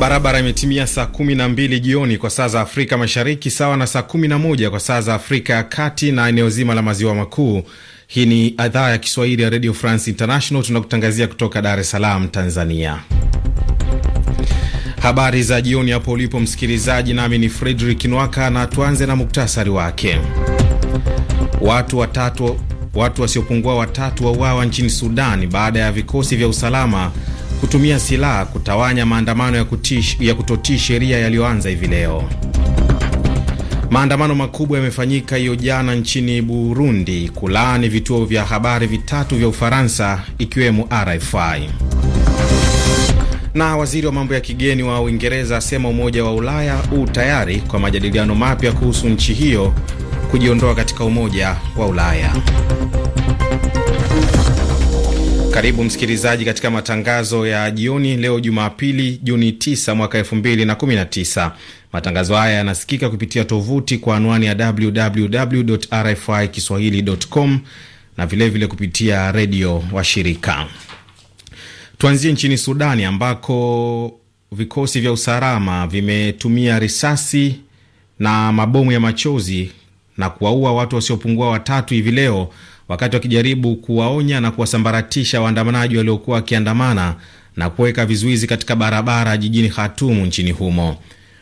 Barabara imetimia saa 12 jioni kwa saa za Afrika Mashariki, sawa na saa 11 kwa saa za Afrika ya Kati na eneo zima la Maziwa Makuu. Hii ni idhaa ya Kiswahili ya Radio France International, tunakutangazia kutoka Dar es Salaam, Tanzania. Habari za jioni hapo ulipo msikilizaji, nami ni Fredrik Nwaka na tuanze na muktasari wake. Watu watatu, watu wasiopungua watatu wauawa nchini Sudani baada ya vikosi vya usalama kutumia silaha kutawanya maandamano ya, kutish, ya kutotii sheria yaliyoanza hivi leo. Maandamano makubwa yamefanyika hiyo jana nchini Burundi kulaani vituo vya habari vitatu vya Ufaransa ikiwemo RFI. Na waziri wa mambo ya kigeni wa Uingereza asema Umoja wa Ulaya huu tayari kwa majadiliano mapya kuhusu nchi hiyo kujiondoa katika Umoja wa Ulaya. Karibu msikilizaji katika matangazo ya jioni leo Jumapili, Juni 9 mwaka 2019. Matangazo haya yanasikika kupitia tovuti kwa anwani ya www rfi kiswahili.com na vilevile vile kupitia redio wa shirika Tuanzie nchini Sudani ambako vikosi vya usalama vimetumia risasi na mabomu ya machozi na kuwaua watu wasiopungua watatu hivi leo wakati wakijaribu kuwaonya na kuwasambaratisha waandamanaji waliokuwa wakiandamana na kuweka vizuizi katika barabara jijini Khatumu nchini humo.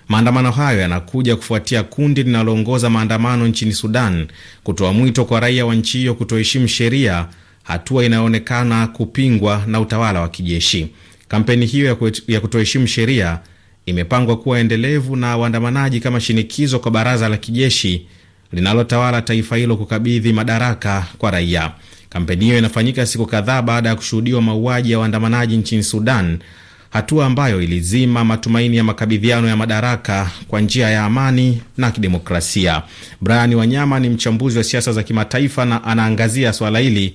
Maandamano hayo yanakuja kufuatia kundi linaloongoza maandamano nchini Sudan kutoa mwito kwa raia wa nchi hiyo kutoheshimu sheria, hatua inayoonekana kupingwa na utawala wa kijeshi. Kampeni hiyo ya kutoheshimu sheria imepangwa kuwa endelevu na waandamanaji kama shinikizo kwa baraza la kijeshi linalotawala taifa hilo kukabidhi madaraka kwa raia. Kampeni hiyo inafanyika siku kadhaa baada ya kushuhudiwa mauaji ya waandamanaji nchini Sudan, hatua ambayo ilizima matumaini ya makabidhiano ya madaraka kwa njia ya amani na kidemokrasia. Brian Wanyama ni mchambuzi wa siasa za kimataifa na anaangazia swala hili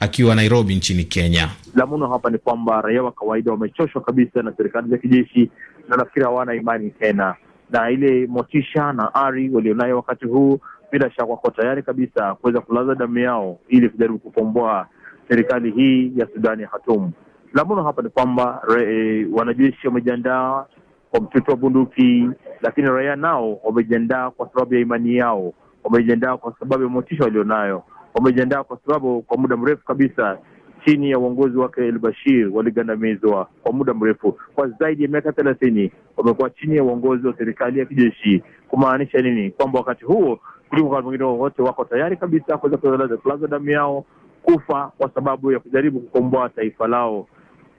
akiwa Nairobi nchini Kenya. La muno hapa ni kwamba raia wa kawaida wamechoshwa kabisa na serikali za kijeshi, na nafikiri hawana imani tena na ile motisha na ari walionayo wakati huu bila shaka wako tayari kabisa kuweza kulaza damu yao ili kujaribu kukomboa serikali hii ya Sudani ya hatumu. La muno hapa ni kwamba e, wanajeshi wamejiandaa kwa mtutu wa bunduki, lakini raia nao wamejiandaa kwa sababu ya imani yao, wamejiandaa kwa sababu ya motisha walionayo, wamejiandaa kwa sababu kwa muda mrefu kabisa chini ya uongozi wake El Bashir waligandamizwa kwa muda mrefu, kwa zaidi ya miaka thelathini wamekuwa chini ya uongozi wa serikali ya kijeshi. Kumaanisha nini? Kwamba wakati huo kuliko kwa mwingine wowote, wako tayari kabisa kuweza kulaza damu yao, kufa kwa sababu ya kujaribu kukomboa taifa lao.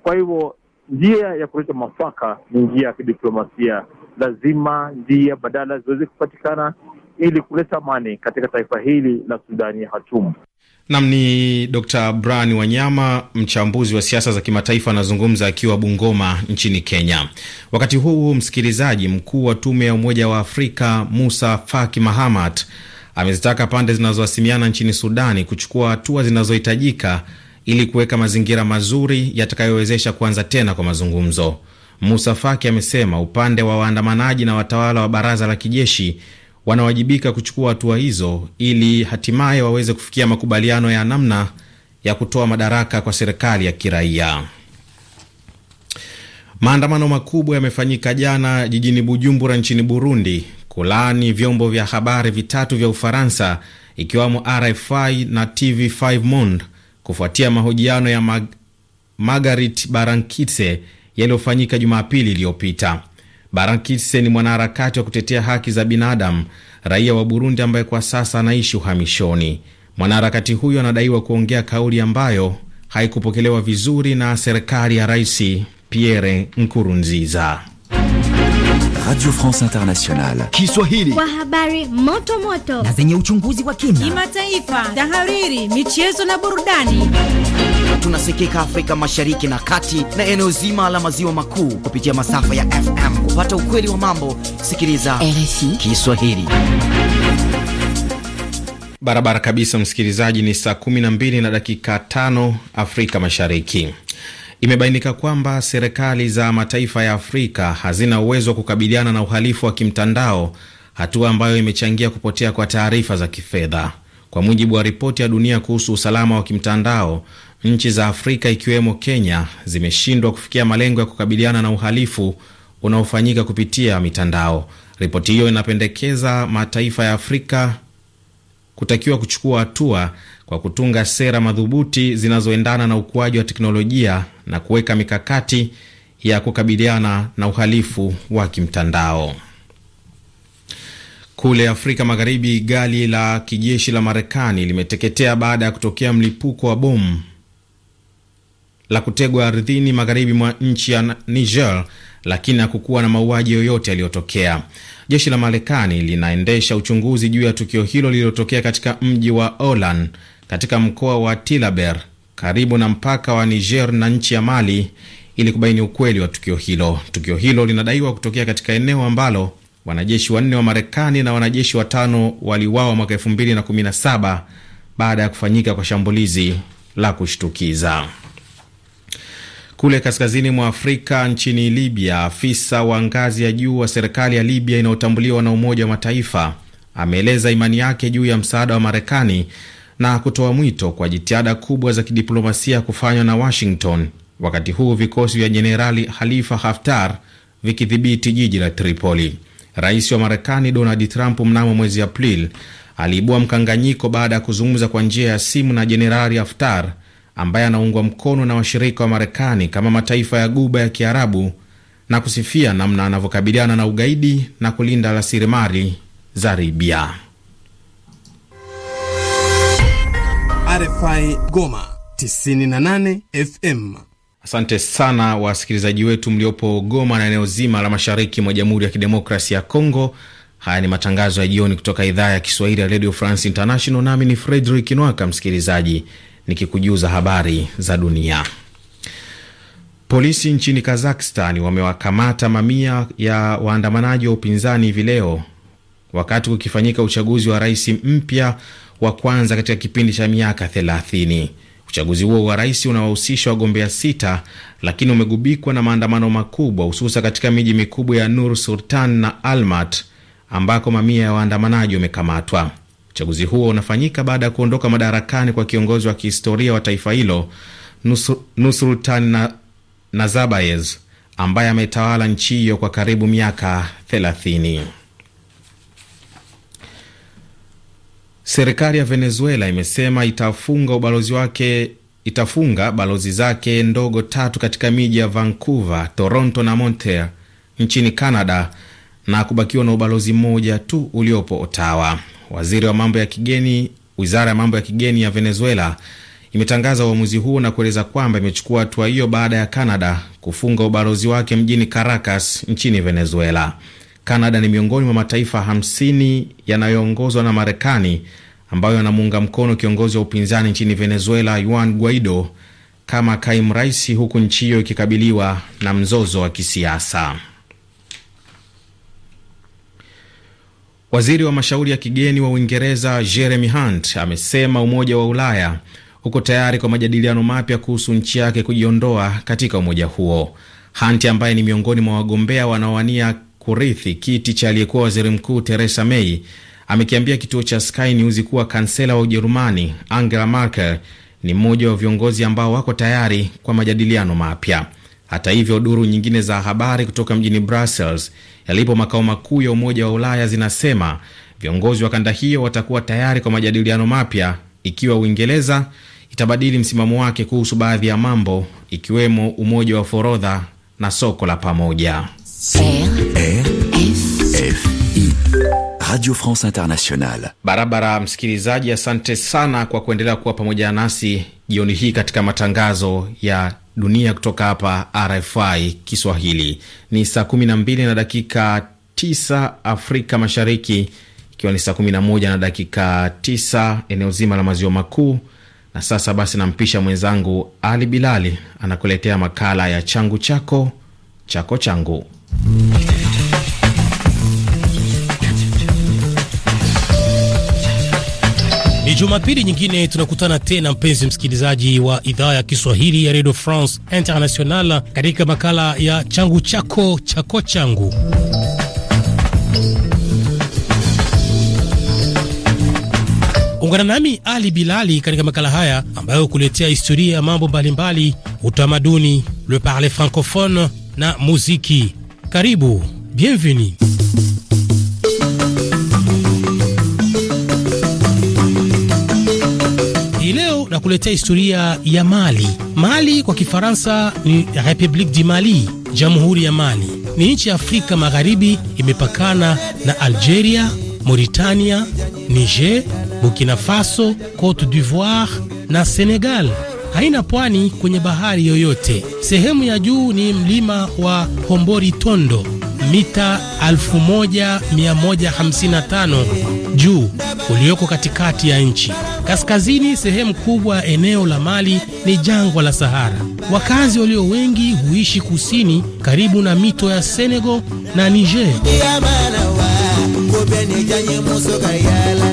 Kwa hivyo njia ya kuleta mwafaka ni njia ya kidiplomasia. Lazima njia badala ziweze kupatikana ili kuleta amani katika taifa hili la Sudani ya Hatumu. Nam ni Dr Brian Wanyama, mchambuzi wa siasa za kimataifa, anazungumza akiwa Bungoma nchini Kenya. Wakati huu msikilizaji, mkuu wa tume ya Umoja wa Afrika Musa Faki Mahamat amezitaka pande zinazohasimiana nchini Sudani kuchukua hatua zinazohitajika ili kuweka mazingira mazuri yatakayowezesha kuanza tena kwa mazungumzo. Musa Faki amesema upande wa waandamanaji na watawala wa baraza la kijeshi wanawajibika kuchukua hatua hizo ili hatimaye waweze kufikia makubaliano ya namna ya kutoa madaraka kwa serikali ya kiraia. Maandamano makubwa yamefanyika jana jijini Bujumbura nchini Burundi kulaani vyombo vya habari vitatu vya Ufaransa ikiwamo RFI na TV5 Monde kufuatia mahojiano ya Mag Margaret Barankitse yaliyofanyika Jumapili iliyopita barankise ni mwanaharakati wa kutetea haki za binadamu, raia wa Burundi ambaye kwa sasa anaishi uhamishoni. Mwanaharakati huyo anadaiwa kuongea kauli ambayo haikupokelewa vizuri na serikali ya Rais Pierre Nkurunziza. Radio France Internationale Kiswahili kwa habari moto moto na zenye uchunguzi wa kina, kimataifa, tahariri, michezo na burudani tunasikika Afrika Mashariki na Kati na eneo zima la maziwa makuu kupitia masafa ya FM. Kupata ukweli wa mambo, sikiliza RFI Kiswahili barabara kabisa. Msikilizaji, ni saa 12 na dakika tano Afrika Mashariki. Imebainika kwamba serikali za mataifa ya Afrika hazina uwezo wa kukabiliana na uhalifu wa kimtandao, hatua ambayo imechangia kupotea kwa taarifa za kifedha. Kwa mujibu wa ripoti ya dunia kuhusu usalama wa kimtandao, nchi za Afrika ikiwemo Kenya zimeshindwa kufikia malengo ya kukabiliana na uhalifu unaofanyika kupitia mitandao. Ripoti hiyo inapendekeza mataifa ya Afrika kutakiwa kuchukua hatua kwa kutunga sera madhubuti zinazoendana na ukuaji wa teknolojia na kuweka mikakati ya kukabiliana na uhalifu wa kimtandao. Kule Afrika Magharibi, gari la kijeshi la Marekani limeteketea baada ya kutokea mlipuko wa bomu la kutegwa ardhini magharibi mwa nchi ya Niger, lakini hakukuwa na mauaji yoyote yaliyotokea. Jeshi la Marekani linaendesha uchunguzi juu ya tukio hilo lililotokea katika mji wa Olan katika mkoa wa Tilaber karibu na mpaka wa Niger na nchi ya Mali ili kubaini ukweli wa tukio hilo. Tukio hilo linadaiwa kutokea katika eneo ambalo wanajeshi wanne wa Marekani na wanajeshi watano waliuawa mwaka 2017 baada ya kufanyika kwa shambulizi la kushtukiza. Kule kaskazini mwa Afrika, nchini Libya, afisa wa ngazi ya juu wa serikali ya Libya inayotambuliwa na Umoja wa Mataifa ameeleza imani yake juu ya msaada wa Marekani na kutoa mwito kwa jitihada kubwa za kidiplomasia kufanywa na Washington, wakati huu vikosi vya Jenerali Khalifa Haftar vikidhibiti jiji la Tripoli. Rais wa Marekani Donald Trump mnamo mwezi Aprili aliibua mkanganyiko baada ya kuzungumza kwa njia ya simu na Jenerali Haftar ambaye anaungwa mkono na washirika wa Marekani kama mataifa ya Guba ya Kiarabu na kusifia namna anavyokabiliana na ugaidi na kulinda rasilimali za Libya. RFI Goma 98 FM. Asante sana wasikilizaji wetu mliopo Goma na eneo zima la mashariki mwa Jamhuri ya kidemokrasi ya congo Haya ni matangazo ya jioni kutoka idhaa ya Kiswahili ya Radio France International, nami ni Frederick Nwaka. Msikilizaji, nikikujuza habari za dunia. Polisi nchini Kazakhstan wamewakamata mamia ya waandamanaji wa upinzani hivi leo wakati ukifanyika uchaguzi wa rais mpya wa kwanza katika kipindi cha miaka thelathini. Uchaguzi huo wa rais unawahusisha wagombea sita, lakini umegubikwa na maandamano makubwa, hususa katika miji mikubwa ya Nur Sultan na Almat ambako mamia ya waandamanaji wamekamatwa. Uchaguzi huo unafanyika baada ya kuondoka madarakani kwa kiongozi wa kihistoria wa taifa hilo nusultan Nazarbayev ambaye ametawala nchi hiyo kwa karibu miaka 30. Serikali ya Venezuela imesema itafunga ubalozi wake itafunga balozi zake ndogo tatu katika miji ya Vancouver, Toronto na Montreal nchini Canada na kubakiwa na ubalozi mmoja tu uliopo Ottawa. Waziri wa mambo ya kigeni, wizara ya mambo ya kigeni ya Venezuela imetangaza uamuzi huo na kueleza kwamba imechukua hatua hiyo baada ya Canada kufunga ubalozi wake mjini Caracas nchini Venezuela. Canada ni miongoni mwa mataifa 50 yanayoongozwa na Marekani ambayo yanamuunga mkono kiongozi wa upinzani nchini Venezuela Juan Guaido kama kaimu rais, huku nchi hiyo ikikabiliwa na mzozo wa kisiasa. Waziri wa mashauri ya kigeni wa Uingereza Jeremy Hunt amesema Umoja wa Ulaya uko tayari kwa majadiliano mapya kuhusu nchi yake kujiondoa katika umoja huo. Hunt ambaye ni miongoni mwa wagombea wanaowania kurithi kiti cha aliyekuwa waziri mkuu Theresa May amekiambia kituo cha Sky News kuwa kansela wa Ujerumani Angela Merkel ni mmoja wa viongozi ambao wako tayari kwa majadiliano mapya. Hata hivyo, duru nyingine za habari kutoka mjini Brussels yalipo makao makuu ya Umoja wa Ulaya zinasema viongozi wa kanda hiyo watakuwa tayari kwa majadiliano mapya ikiwa Uingereza itabadili msimamo wake kuhusu baadhi ya mambo ikiwemo umoja wa forodha na soko la pamoja. Radio France Internationale. Barabara msikilizaji, asante sana kwa kuendelea kuwa pamoja nasi jioni hii katika matangazo ya dunia kutoka hapa RFI Kiswahili. Ni saa kumi na dakika tisa Afrika Mashariki, ikiwa ni saa 11 na dakika tisa eneo zima la maziwa makuu. Na sasa basi, nampisha mwenzangu Ali Bilali anakuletea makala ya changu chako chako changu Jumapili nyingine tunakutana tena, mpenzi msikilizaji wa idhaa ya Kiswahili ya Radio France International, katika makala ya changu chako chako changu. Ungana nami Ali Bilali katika makala haya ambayo kuletea historia ya mambo mbalimbali, utamaduni, le parler francophone na muziki. Karibu, bienvenue. nitakuletea historia ya Mali. Mali kwa Kifaransa ni Republique du Mali, Jamhuri ya Mali. Ni nchi ya Afrika Magharibi, imepakana na Algeria, Mauritania, Niger, Burkina Faso, Cote d'Ivoire na Senegal. Haina pwani kwenye bahari yoyote. Sehemu ya juu ni mlima wa Hombori Tondo mita 1155 juu ulioko katikati ya nchi. Kaskazini sehemu kubwa eneo la Mali ni jangwa la Sahara. Wakazi walio wengi huishi kusini karibu na mito ya Senegal na Niger.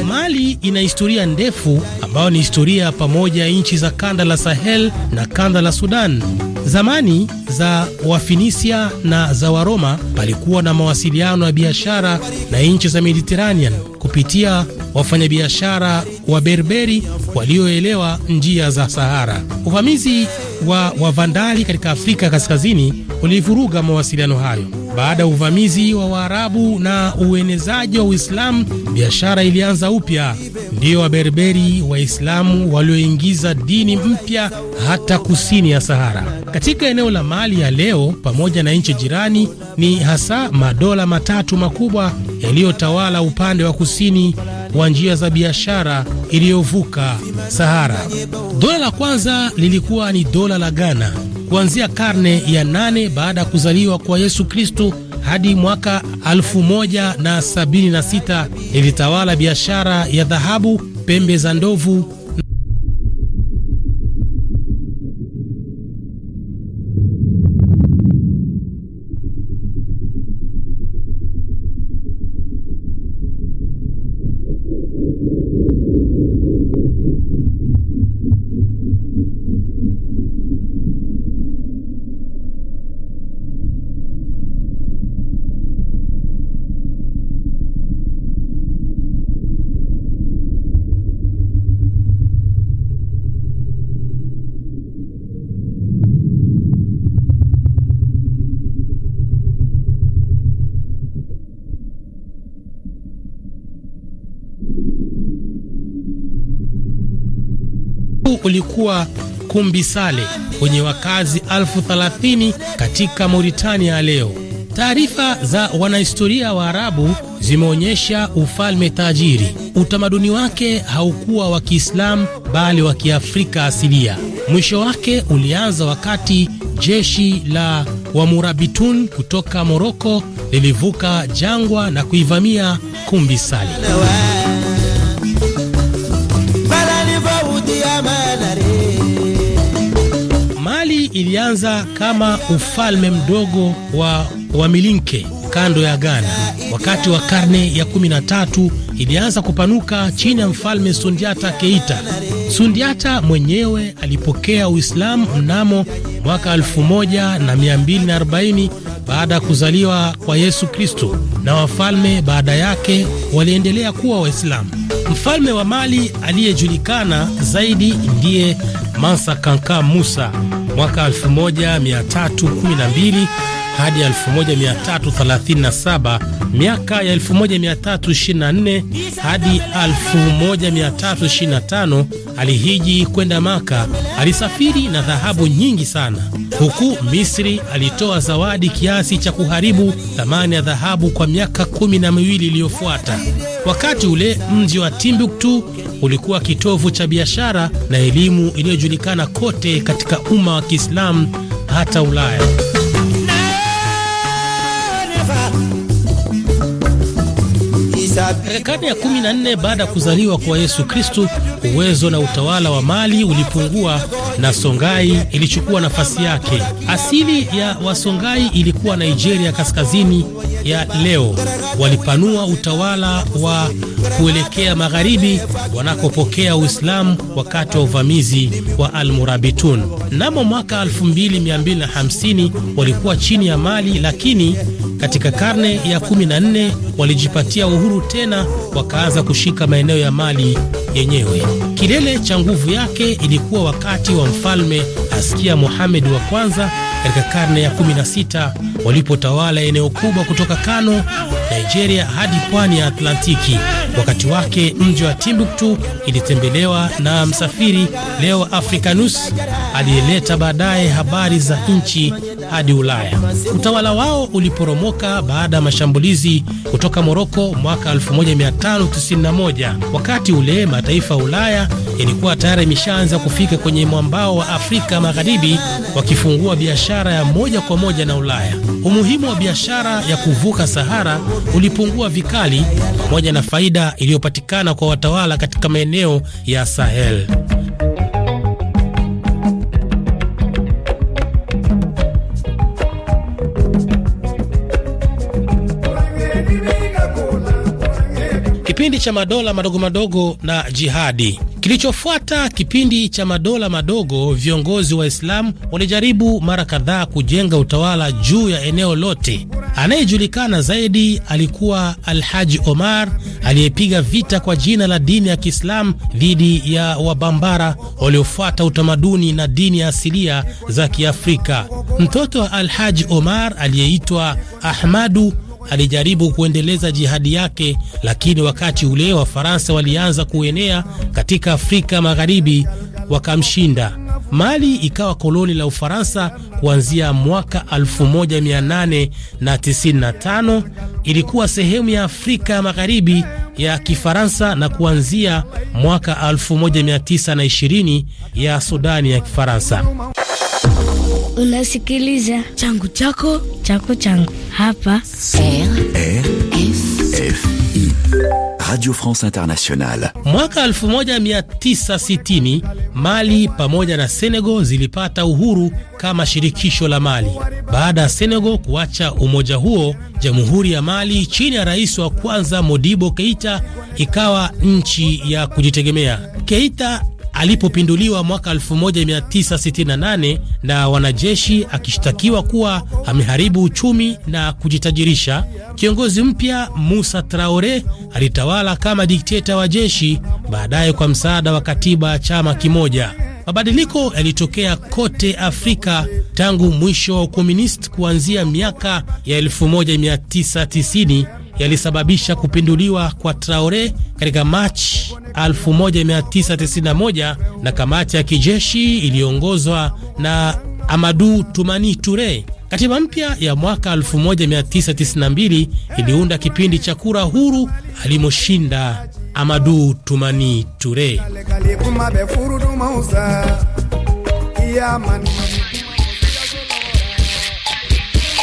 Mali ina historia ndefu ambayo ni historia pamoja ya nchi za kanda la Sahel na kanda la Sudan. Zamani za Wafinisia na za Waroma palikuwa na mawasiliano ya biashara na nchi za Mediterranean kupitia wafanyabiashara wa Berberi walioelewa njia za Sahara. Uvamizi wa Wavandali katika Afrika Kaskazini ulivuruga mawasiliano hayo. Baada ya uvamizi wa Waarabu na uenezaji wa Uislamu, biashara ilianza upya. Ndiyo Waberberi Waislamu walioingiza dini mpya hata kusini ya Sahara. Katika eneo la Mali ya leo pamoja na nchi jirani, ni hasa madola matatu makubwa yaliyotawala upande wa kusini wa njia za biashara iliyovuka Sahara. Dola la kwanza lilikuwa ni dola la Ghana kuanzia karne ya nane baada ya kuzaliwa kwa Yesu Kristo hadi mwaka 1076 ilitawala biashara ya dhahabu, pembe za ndovu ulikuwa Kumbi Sale wenye wakazi elfu katika Mauritania leo. Taarifa za wanahistoria wa Arabu zimeonyesha ufalme tajiri. Utamaduni wake haukuwa wa Kiislamu bali wa Kiafrika asilia. Mwisho wake ulianza wakati jeshi la Wamurabitun kutoka Moroko lilivuka jangwa na kuivamia Kumbi Sale. ilianza kama ufalme mdogo wa Wamilinke kando ya Ghana. Wakati wa karne ya 13 ilianza kupanuka chini ya mfalme Sundiata Keita. Sundiata mwenyewe alipokea Uislamu mnamo mwaka 1240 baada ya kuzaliwa kwa Yesu Kristo, na wafalme baada yake waliendelea kuwa Waislamu. Mfalme wa Mali aliyejulikana zaidi ndiye Mansa Kanka Musa mwaka 1312 hadi 1337, miaka ya 1324 hadi 1325 alihiji kwenda Maka. Alisafiri na dhahabu nyingi sana. Huku Misri alitoa zawadi kiasi cha kuharibu thamani ya dhahabu kwa miaka kumi na miwili iliyofuata. Wakati ule mji wa Timbuktu ulikuwa kitovu cha biashara na elimu iliyojulikana kote katika umma wa Kiislamu hata Ulaya. Katika karne ya 14 baada ya kuzaliwa kwa Yesu Kristu, uwezo na utawala wa Mali ulipungua na songai ilichukua nafasi yake. Asili ya wasongai ilikuwa Nigeria kaskazini ya leo. Walipanua utawala wa kuelekea magharibi wanakopokea Uislamu wakati wa uvamizi wa Almurabitun. namo mwaka 2250 walikuwa chini ya Mali lakini katika karne ya 14 walijipatia uhuru tena, wakaanza kushika maeneo ya Mali yenyewe. Kilele cha nguvu yake ilikuwa wakati wa mfalme Askia Mohamed wa kwanza katika karne ya 16 walipotawala eneo kubwa kutoka Kano, Nigeria hadi pwani ya Atlantiki. Wakati wake mji wa Timbuktu ilitembelewa na msafiri leo Africanus aliyeleta baadaye habari za nchi hadi Ulaya. Utawala wao uliporomoka baada ya mashambulizi kutoka Moroko mwaka 1591. Wakati ule mataifa ya Ulaya yalikuwa tayari yameshaanza kufika kwenye mwambao wa Afrika Magharibi, wakifungua biashara ya moja kwa moja na Ulaya. Umuhimu wa biashara ya kuvuka Sahara ulipungua vikali, pamoja na faida iliyopatikana kwa watawala katika maeneo ya Sahel. kipindi cha madola madogo madogo na jihadi. Kilichofuata kipindi cha madola madogo, viongozi wa Islamu walijaribu mara kadhaa kujenga utawala juu ya eneo lote. Anayejulikana zaidi alikuwa Alhaji Omar aliyepiga vita kwa jina la dini ya Kiislamu dhidi ya Wabambara waliofuata utamaduni na dini ya asilia za Kiafrika. Mtoto wa Alhaji Omar aliyeitwa Ahmadu alijaribu kuendeleza jihadi yake, lakini wakati ule Wafaransa walianza kuenea katika Afrika Magharibi wakamshinda. Mali ikawa koloni la Ufaransa kuanzia mwaka 1895 ilikuwa sehemu ya Afrika Magharibi ya Kifaransa na kuanzia mwaka 1920 ya Sudani ya Kifaransa. Unasikiliza changu chako chako changu hapa RFI Radio France Internationale. Mwaka 1960 Mali pamoja na Senegal zilipata uhuru kama shirikisho la Mali. Baada ya Senegal kuacha umoja huo, Jamhuri ya Mali chini ya rais wa kwanza Modibo Keita ikawa nchi ya kujitegemea. Keita alipopinduliwa mwaka 1968 na wanajeshi akishtakiwa kuwa ameharibu uchumi na kujitajirisha. Kiongozi mpya Musa Traore alitawala kama dikteta wa jeshi, baadaye kwa msaada wa katiba ya chama kimoja. Mabadiliko yalitokea kote Afrika tangu mwisho wa ukomunisti kuanzia miaka ya 1990 yalisababisha kupinduliwa kwa Traore katika Machi 1991 na kamati ya kijeshi iliyoongozwa na Amadu Tumani Ture. Katiba mpya ya mwaka 1992 iliunda kipindi cha kura huru alimoshinda Amadu Tumani Ture.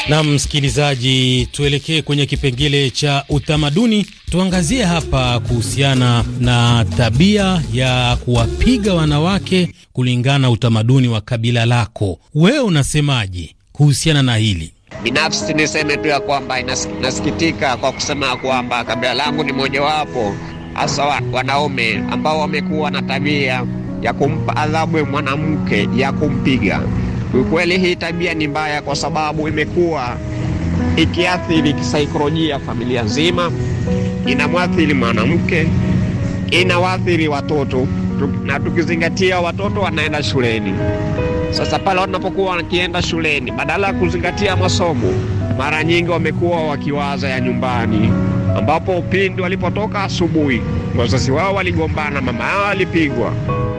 Na msikilizaji, tuelekee kwenye kipengele cha utamaduni. Tuangazie hapa kuhusiana na tabia ya kuwapiga wanawake kulingana na utamaduni wa kabila lako. Wewe unasemaje kuhusiana na hili? Binafsi niseme tu ya kwamba inasikitika kwa kusema kwamba kabila langu ni mojawapo hasa wanaume ambao wamekuwa na tabia ya kumpa adhabu mwanamke ya kumpiga Kiukweli hii tabia ni mbaya, kwa sababu imekuwa ikiathiri kisaikolojia familia nzima, inamwathiri mwanamke, inawaathiri watoto, na tukizingatia watoto wanaenda shuleni. Sasa pale wanapokuwa wakienda shuleni, badala ya kuzingatia masomo, mara nyingi wamekuwa wakiwaza ya nyumbani, ambapo pindi walipotoka asubuhi wazazi wao waligombana, mama yao alipigwa,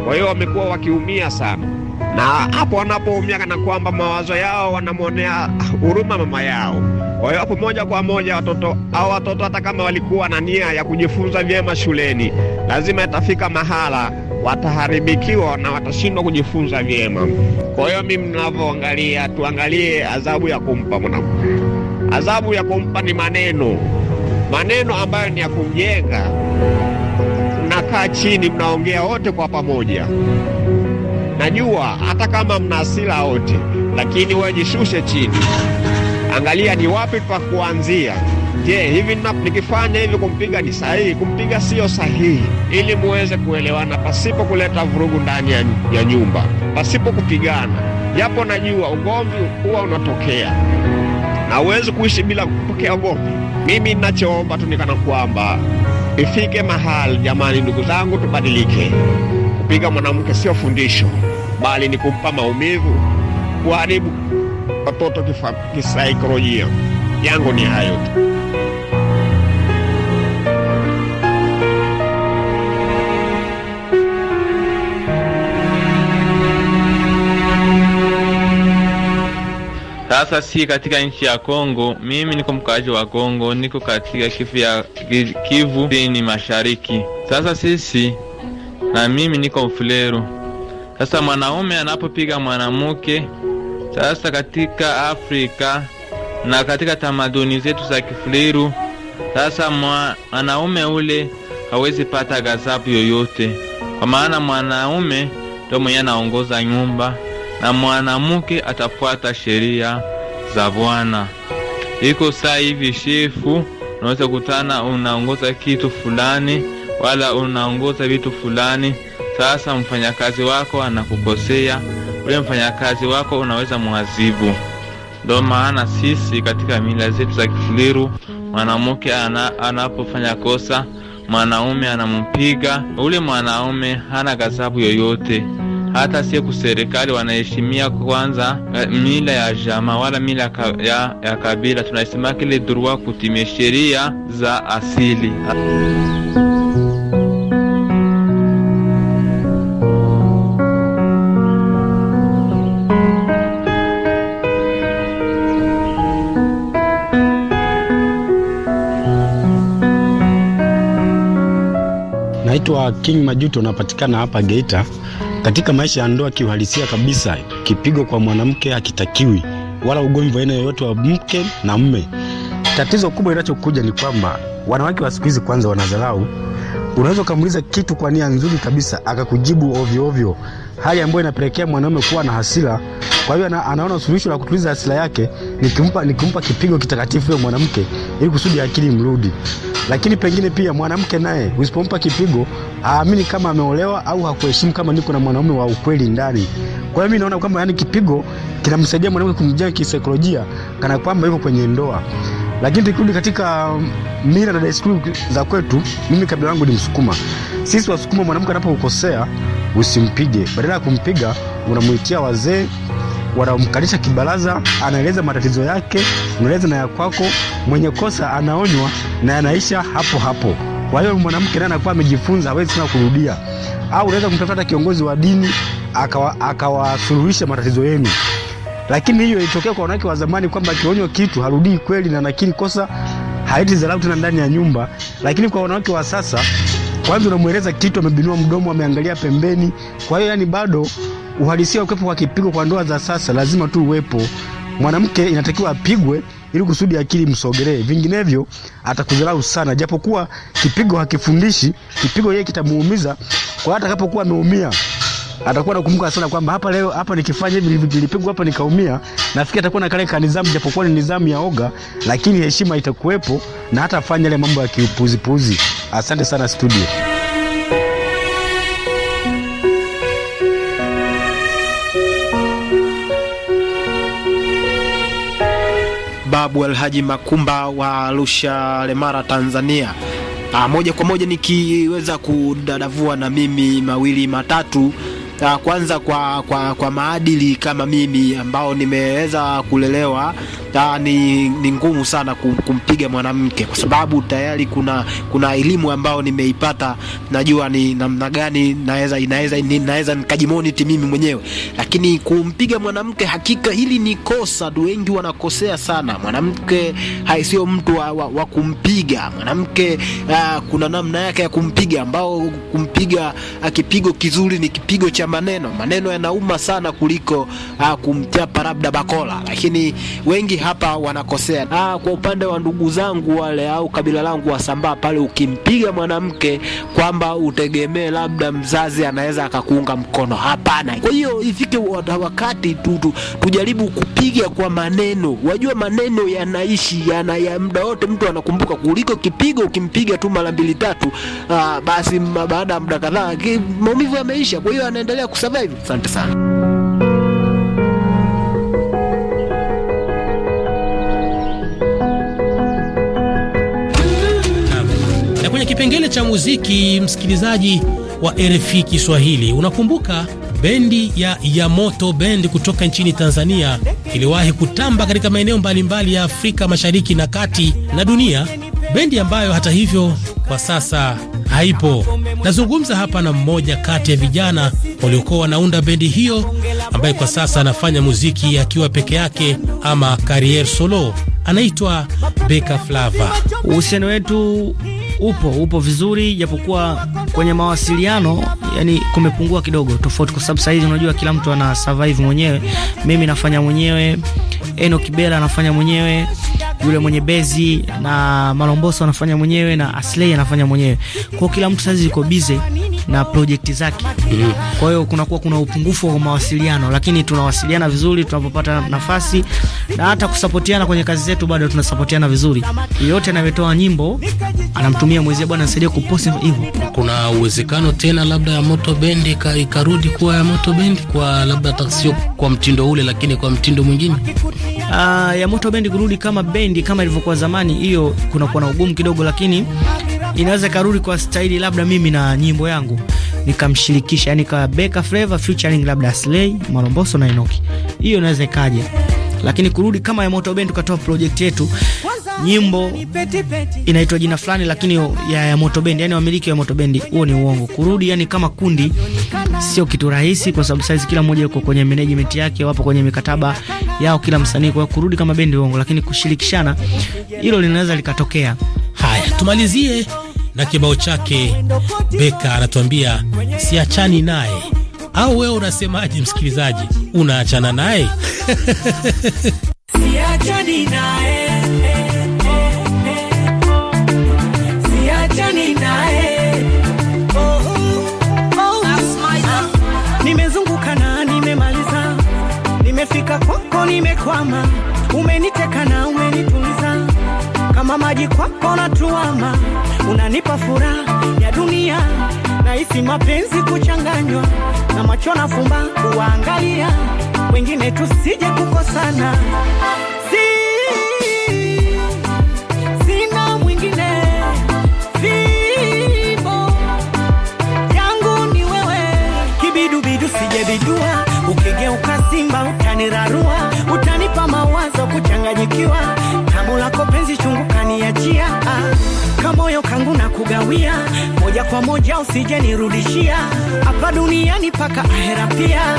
kwa hiyo wamekuwa wakiumia sana na hapo wanapoumia, kana kwamba mawazo yao wanamwonea huruma mama yao. Kwa hiyo hapo moja kwa moja watoto au watoto, hata kama walikuwa na nia ya kujifunza vyema shuleni, lazima itafika mahala wataharibikiwa na watashindwa kujifunza vyema. Kwa hiyo mimi, ninavyoangalia, tuangalie adhabu ya kumpa mwanamke. Adhabu ya kumpa ni maneno, maneno ambayo ni ya kumjenga. Mnakaa chini, mnaongea wote kwa pamoja Najua hata kama mna hasira wote, lakini wajishushe chini, angalia ni wapi pa kuanzia. Je, hivi nikifanya hivi kumpiga ni sahihi? Kumpiga siyo sahihi, ili muweze kuelewana pasipo kuleta vurugu ndani ya nyumba, pasipo kupigana. Japo najua ugomvi huwa unatokea na huwezi kuishi bila kupokea ugomvi. Mimi ninachoomba tu nikana kwamba ifike mahali, jamani, ndugu zangu, tubadilike. Kumpiga mwanamke sio fundisho, bali ni kumpa maumivu, kuharibu watoto kisaikolojia. Yangu ni hayo tu. Sasa si katika nchi ya Kongo, mimi niko mkaaji wa Kongo, niko katika Kivu ya Kivu ni mashariki. Sasa sisi na mimi niko Mfuleru. Sasa mwanaume anapopiga mwanamke, sasa katika Afrika na katika tamaduni zetu za Kifuleru, sasa mwanaume ule hawezi pata gazabu yoyote, kwa maana mwanaume ndo mwenye anaongoza nyumba na mwanamke atafuata sheria za Bwana. Iko saa hivi shefu, unaweza kutana unaongoza kitu fulani wala unaongoza vitu fulani. Sasa mfanyakazi wako anakukosea, ule mfanyakazi wako unaweza mwazibu. Ndo maana sisi katika mila zetu za Kifuliru, mwanamke anapofanya kosa mwanaume anampiga ule mwanaume, hana ghadhabu yoyote. Hata siku serikali wanaheshimia kwanza eh, mila ya jama wala mila ka, ya, ya kabila. Tunasema kile durua kutimia sheria za asili. Naitwa King Majuto, napatikana hapa Geita. Katika maisha ya ndoa kiuhalisia kabisa, kipigo kwa mwanamke hakitakiwi, wala ugomvi wa aina yoyote wa mke na mme. Tatizo kubwa linachokuja ni kwamba wanawake wa siku hizi kwanza wanadharau. Unaweza ukamuuliza kitu kwa nia nzuri kabisa, akakujibu ovyo ovyo, hali ambayo inapelekea mwanaume kuwa na hasira kwa hiyo anaona suluhisho la kutuliza hasira yake nikimpa, nikimpa kipigo kitakatifu yule mwanamke ili kusudi akili mrudi. Lakini pengine pia mwanamke naye usipompa kipigo aamini kama ameolewa au hakuheshimu kama niko na mwanaume wa ukweli ndani. Kwa hiyo mimi naona kwamba yani kipigo kinamsaidia mwanamke kumjenga kisaikolojia kana kwamba yuko kwenye ndoa. Lakini tukirudi katika um, mila na desturi za kwetu, mimi kabila langu ni Msukuma. Sisi Wasukuma, mwanamke anapokosea usimpige, badala ya kumpiga unamuitia wazee wanaomkalisha kibaraza, anaeleza matatizo yake, unaeleza na ya kwako. Mwenye kosa anaonywa na yanaisha hapo hapo. Kwa hiyo mwanamke naye anakuwa amejifunza, hawezi tena kurudia. Au unaweza kumtafuta kiongozi wa dini akawasuluhisha akawa matatizo yenu. Lakini hiyo ilitokea kwa wanawake wa zamani kwamba akionywa kitu harudii kweli, na nakili kosa haiti dharau tena ndani ya nyumba. Lakini kwa wanawake wa sasa, kwanza unamweleza kitu, amebinua mdomo, ameangalia pembeni. Kwa hiyo yani bado uhalisia wa kuwepo kwa kipigo kwa ndoa za sasa lazima tu uwepo. Mwanamke inatakiwa apigwe ili kusudi akili msogelee, vinginevyo atakudharau sana. Japokuwa kipigo hakifundishi, kipigo yeye kitamuumiza, kwa hata atakapokuwa ameumia atakuwa nakumbuka sana kwamba hapa leo hapa nikifanya hivi nilipigwa hapa nikaumia. Nafikiri atakuwa na kale ka nidhamu, japokuwa ni nidhamu ya oga, lakini heshima itakuwepo na hata afanya yale mambo ya kiupuzipuzi. Asante sana studio. Babu Alhaji Makumba wa Arusha, Lemara, Tanzania. Aa, ah, moja kwa moja nikiweza kudadavua na mimi mawili matatu Ah, kwanza kwa, kwa, kwa maadili kama mimi ambao nimeweza kulelewa uh, ni, ni ngumu sana kumpiga mwanamke kwa sababu tayari kuna kuna elimu ambayo nimeipata, najua ni namna gani naweza inaweza naweza nikajimoniti mimi mwenyewe, lakini kumpiga mwanamke, hakika hili ni kosa. Wengi wanakosea sana. Mwanamke haisiyo mtu wa, wa, wa kumpiga mwanamke. Uh, kuna namna yake ya kumpiga ambao kumpiga kipigo kizuri ni kipigo cha maneno. Maneno yanauma sana kuliko uh, kumchapa labda bakola, lakini wengi hapa wanakosea. Ah, kwa upande wa ndugu zangu wale au kabila langu Wasambaa pale, ukimpiga mwanamke kwamba utegemee labda mzazi anaweza akakuunga mkono, hapana. Kwa hiyo ifike wakati tu, tu, tujaribu kupiga kwa maneno. Wajua maneno yanaishi yana ya muda wote, mtu anakumbuka kuliko kipigo. Ukimpiga tu mara mbili tatu, uh, basi baada ya muda kadhaa maumivu yameisha, kwa hiyo anaendelea ya kusurvive. Asante sana. Kwenye kipengele cha muziki, msikilizaji wa RFI Kiswahili, unakumbuka bendi ya Yamoto Band kutoka nchini Tanzania iliwahi kutamba katika maeneo mbalimbali ya Afrika Mashariki na Kati na dunia, bendi ambayo hata hivyo kwa sasa haipo. Nazungumza hapa na mmoja kati ya vijana waliokuwa wanaunda bendi hiyo, ambaye kwa sasa anafanya muziki akiwa ya peke yake ama karier solo, anaitwa Beka Flava. Uhusiano wetu upo upo vizuri, japokuwa kwenye mawasiliano yani kumepungua kidogo, tofauti kwa sababu saizi unajua kila mtu ana survive mwenyewe. Mimi nafanya mwenyewe, Eno Kibela anafanya mwenyewe, yule mwenye bezi na Malomboso anafanya mwenyewe na Asley anafanya mwenyewe, kwa kila mtu sahizi yuko busy na projekti zake mm. Kwa hiyo kunakuwa kuna upungufu wa mawasiliano, lakini tunawasiliana vizuri tunapopata nafasi, na hata kusapotiana kwenye kazi zetu bado tunasapotiana vizuri. Yote anayetoa nyimbo anamtumia mwezi, bwana nisaidie kuposti hivyo. Kuna uwezekano tena labda ya Moto Bendi ikarudi kuwa ya Moto Bendi kwa labda taksio kwa mtindo ule, lakini kwa mtindo mwingine uh, ya Moto Bendi kurudi kama bendi kama ilivyokuwa zamani, hiyo kunakuwa na ugumu kidogo, lakini inaweza karudi kwa staili labda mimi na nyimbo yangu nikamshirikisha, yani kwa Beka Flavor featuring labda Slay, Malomboso na Enoki, hiyo inaweza ikaja. Lakini kurudi kama ya Moto Band tukatoa project yetu nyimbo inaitwa jina fulani, lakini ya, ya Moto Band, yani wamiliki wa Moto Band, huo ni uongo. Kurudi yani kama kundi sio kitu rahisi, kwa sababu saizi kila mmoja yuko kwenye management yake, wapo kwenye mikataba yao, kila msanii. Kwa kurudi kama bendi uongo, lakini kushirikishana hilo linaweza likatokea. Tumalizie na kibao chake Beka anatuambia siachani naye, au wewe unasemaje msikilizaji, unaachana naye? siachani naye nimefika kwako, nimekwama, umenitekana kama maji kwako natuama, unanipa furaha ya dunia, nahisi mapenzi kuchanganywa na macho na fumba kuwaangalia wengine, tusije kukosana Sijavijua ukigeuka simba utanirarua, utanipa mawazo kuchanganyikiwa Tabu lako penzi chungu kaniachia, kamoyo kangu na kugawia, moja kwa moja usije nirudishia, hapa duniani paka ahera pia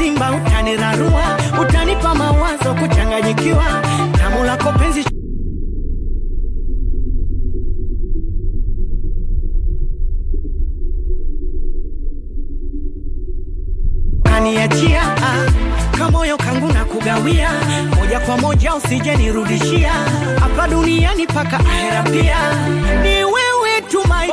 simba, utanirarua, utanipa mawazo kuchanganyikiwa, tamu lako penzi kaniachia kamoyo kangu na kugawia moja kwa moja, usije nirudishia hapa duniani paka ahera pia, ni wewe tu my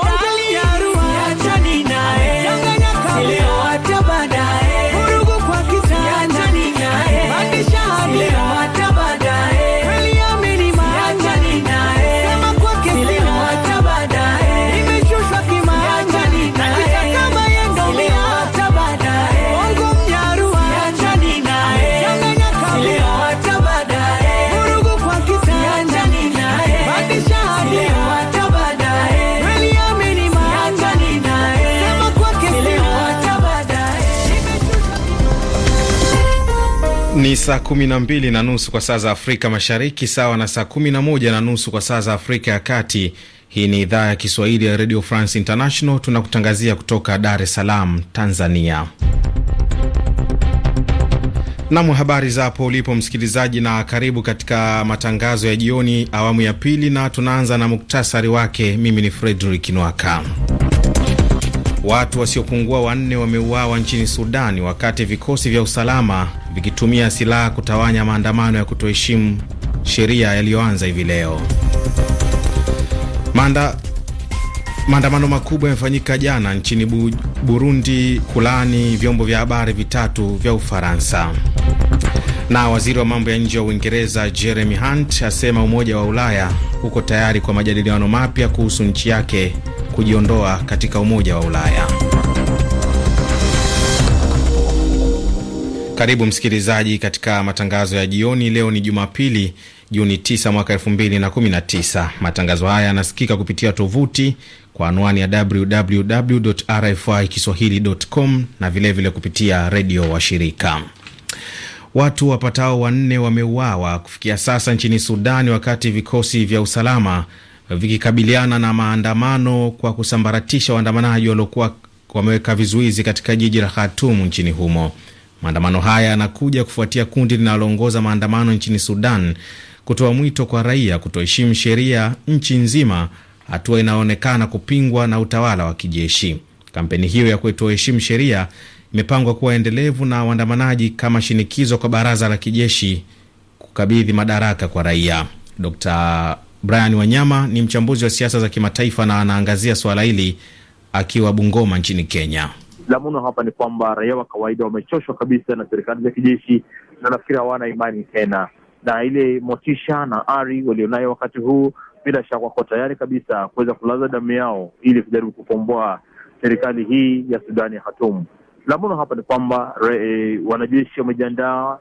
Ni saa kumi na mbili na nusu kwa saa za Afrika Mashariki, sawa na saa kumi na moja na nusu kwa saa za Afrika ya Kati. Hii ni idhaa ya Kiswahili ya Radio France International, tunakutangazia kutoka Dar es Salaam, Tanzania. Nam, habari za hapo ulipo msikilizaji, na karibu katika matangazo ya jioni awamu ya pili, na tunaanza na muktasari wake. Mimi ni Fredrik Nwaka. Watu wasiopungua wanne wameuawa nchini Sudani wakati vikosi vya usalama vikitumia silaha kutawanya maandamano ya kutoheshimu sheria yaliyoanza hivi leo. Manda maandamano makubwa yamefanyika jana nchini bu, Burundi kulani vyombo vya habari vitatu vya Ufaransa. Na waziri wa mambo ya nje wa Uingereza Jeremy Hunt asema Umoja wa Ulaya uko tayari kwa majadiliano mapya kuhusu nchi yake kujiondoa katika Umoja wa Ulaya. Karibu msikilizaji katika matangazo ya jioni. Leo ni Jumapili, Juni 9 mwaka 2019. Matangazo haya yanasikika kupitia tovuti kwa anwani ya www rfi kiswahili.com na vilevile vile kupitia redio wa shirika Watu wapatao wanne wameuawa kufikia sasa nchini Sudani, wakati vikosi vya usalama vikikabiliana na maandamano kwa kusambaratisha waandamanaji waliokuwa wameweka vizuizi katika jiji la Khartoum nchini humo. Maandamano haya yanakuja kufuatia kundi linaloongoza maandamano nchini Sudan kutoa mwito kwa raia kutoheshimu sheria nchi nzima, hatua inayoonekana kupingwa na utawala wa kijeshi. Kampeni hiyo ya kutoheshimu sheria imepangwa kuwa endelevu na waandamanaji kama shinikizo kwa baraza la kijeshi kukabidhi madaraka kwa raia. Dr Brian Wanyama ni mchambuzi wa siasa za kimataifa na anaangazia suala hili akiwa Bungoma nchini Kenya. La muno hapa ni kwamba raia wa kawaida wamechoshwa kabisa na serikali za kijeshi, na nafikiri hawana imani tena na ile motisha na ari walionayo wakati huu, bila shaka wako tayari kabisa kuweza kulaza damu yao ili kujaribu kukomboa serikali hii ya Sudani ya Hatumu. La muno hapa ni kwamba eh, wanajeshi wamejiandaa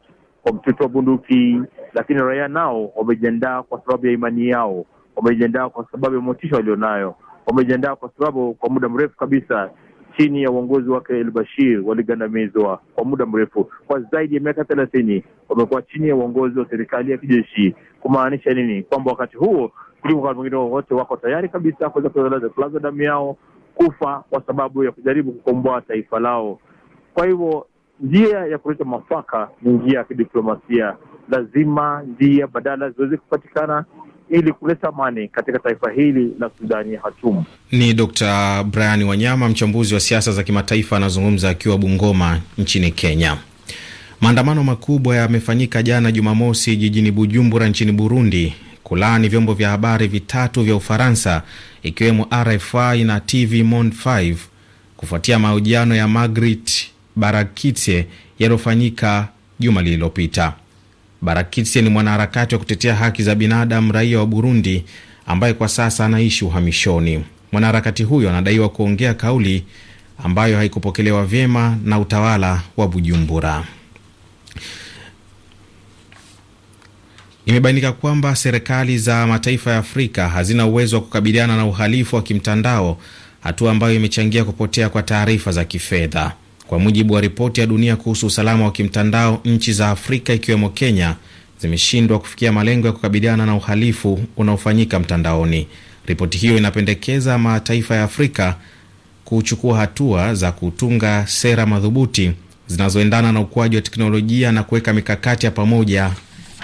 kwa mtutu wa bunduki, lakini raia nao wamejiandaa kwa sababu ya imani yao, wamejiandaa kwa sababu ya motisha walionayo, wamejiandaa kwa sababu kwa muda mrefu kabisa chini ya uongozi wake El Bashir waligandamizwa kwa muda mrefu, kwa zaidi ya miaka thelathini wamekuwa chini ya uongozi wa serikali ya kijeshi. Kumaanisha nini? Kwamba wakati huo kuliko wakati mwingine wowote wako tayari kabisa kuweza kulaza damu yao, kufa kwa sababu ya kujaribu kukomboa taifa lao. Kwa hivyo njia ya kuleta mwafaka ni njia ya kidiplomasia. Lazima njia badala ziweze kupatikana ili kuleta amani katika taifa hili la Sudani ya Hatumu. Ni Dr. Brian Wanyama, mchambuzi wa siasa za kimataifa, anazungumza akiwa Bungoma nchini Kenya. Maandamano makubwa yamefanyika jana Jumamosi jijini Bujumbura nchini Burundi kulaani vyombo vya habari vitatu vya Ufaransa ikiwemo RFI na TV Monde 5 kufuatia mahojiano ya Margaret Barakitse yaliyofanyika juma lililopita. Barakitse ni mwanaharakati wa kutetea haki za binadamu, raia wa Burundi ambaye kwa sasa anaishi uhamishoni. Mwanaharakati huyo anadaiwa kuongea kauli ambayo haikupokelewa vyema na utawala wa Bujumbura. Imebainika kwamba serikali za mataifa ya Afrika hazina uwezo wa kukabiliana na uhalifu wa kimtandao, hatua ambayo imechangia kupotea kwa taarifa za kifedha. Kwa mujibu wa ripoti ya dunia kuhusu usalama wa kimtandao, nchi za Afrika ikiwemo Kenya zimeshindwa kufikia malengo ya kukabiliana na uhalifu unaofanyika mtandaoni. Ripoti hiyo inapendekeza mataifa ya Afrika kuchukua hatua za kutunga sera madhubuti zinazoendana na ukuaji wa teknolojia na kuweka mikakati ya pamoja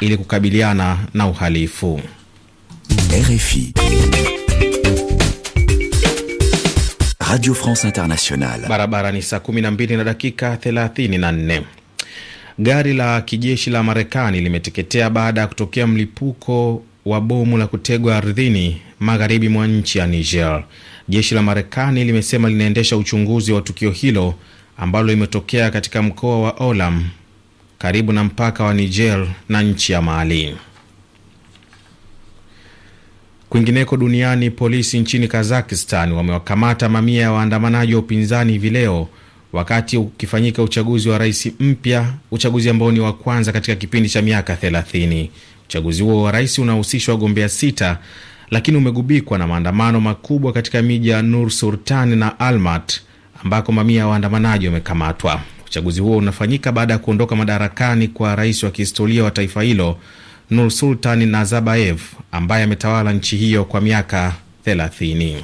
ili kukabiliana na uhalifu. RFI. Radio France Internationale. Barabara ni saa 12 na dakika 34. Gari la kijeshi la Marekani limeteketea baada ya kutokea mlipuko wa bomu la kutegwa ardhini magharibi mwa nchi ya Niger. Jeshi la Marekani limesema linaendesha uchunguzi wa tukio hilo ambalo limetokea katika mkoa wa Olam karibu na mpaka wa Niger na nchi ya Mali. Kwingineko duniani, polisi nchini Kazakistan wamewakamata mamia ya waandamanaji wa upinzani hivi leo wakati ukifanyika uchaguzi wa rais mpya, uchaguzi ambao ni wa kwanza katika kipindi cha miaka 30. Uchaguzi huo wa rais unahusishwa wagombea sita, lakini umegubikwa na maandamano makubwa katika miji ya Nur Sultan na Almat ambako mamia ya waandamanaji wamekamatwa. Uchaguzi huo unafanyika baada ya kuondoka madarakani kwa rais wa kihistoria wa taifa hilo Nur Sultan Nazarbayev ambaye ametawala nchi hiyo kwa miaka 30.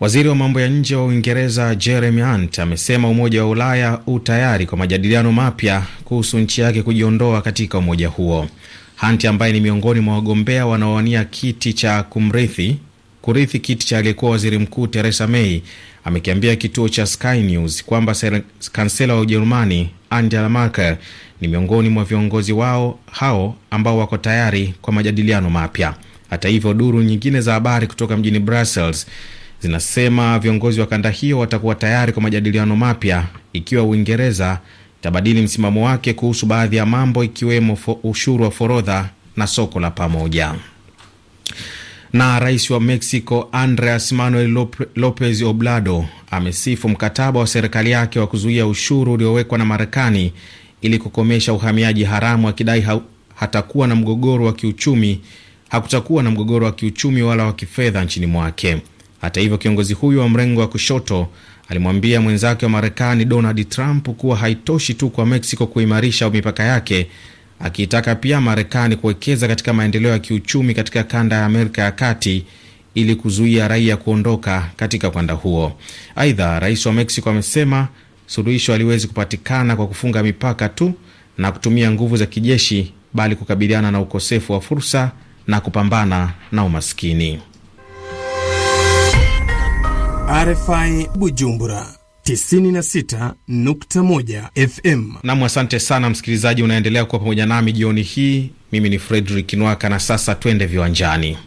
Waziri wa mambo ya nje wa Uingereza Jeremy Hunt amesema Umoja wa Ulaya u tayari kwa majadiliano mapya kuhusu nchi yake kujiondoa katika umoja huo. Hunt ambaye ni miongoni mwa wagombea wanaowania kiti cha kumrithi kurithi kiti cha aliyekuwa waziri mkuu Theresa May amekiambia kituo cha Sky News kwamba kansela wa Ujerumani Angela Merkel ni miongoni mwa viongozi wao hao ambao wako tayari kwa majadiliano mapya. Hata hivyo, duru nyingine za habari kutoka mjini Brussels zinasema viongozi wa kanda hiyo watakuwa tayari kwa majadiliano mapya ikiwa Uingereza itabadili msimamo wake kuhusu baadhi ya mambo ikiwemo ushuru wa forodha na soko la pamoja. Na rais wa Mexico andreas Manuel Lopez oblado amesifu mkataba wa serikali yake wa kuzuia ushuru uliowekwa na Marekani ili kukomesha uhamiaji haramu, akidai ha hatakuwa na mgogoro wa kiuchumi hakutakuwa na mgogoro wa kiuchumi wala wa kifedha nchini mwake. Hata hivyo, kiongozi huyo wa mrengo wa kushoto alimwambia mwenzake wa Marekani Donald Trump kuwa haitoshi tu kwa Mexico kuimarisha mipaka yake, akiitaka pia Marekani kuwekeza katika maendeleo ya kiuchumi katika kanda ya Amerika ya Kati ili kuzuia raia kuondoka katika ukanda huo. Aidha, rais wa Mexico amesema suluhisho haliwezi kupatikana kwa kufunga mipaka tu na kutumia nguvu za kijeshi, bali kukabiliana na ukosefu wa fursa na kupambana na umaskini. RFI Bujumbura 96.1 FM. Nam, asante sana msikilizaji, unaendelea kuwa pamoja nami jioni hii. Mimi ni Fredrik Nwaka na sasa twende viwanjani.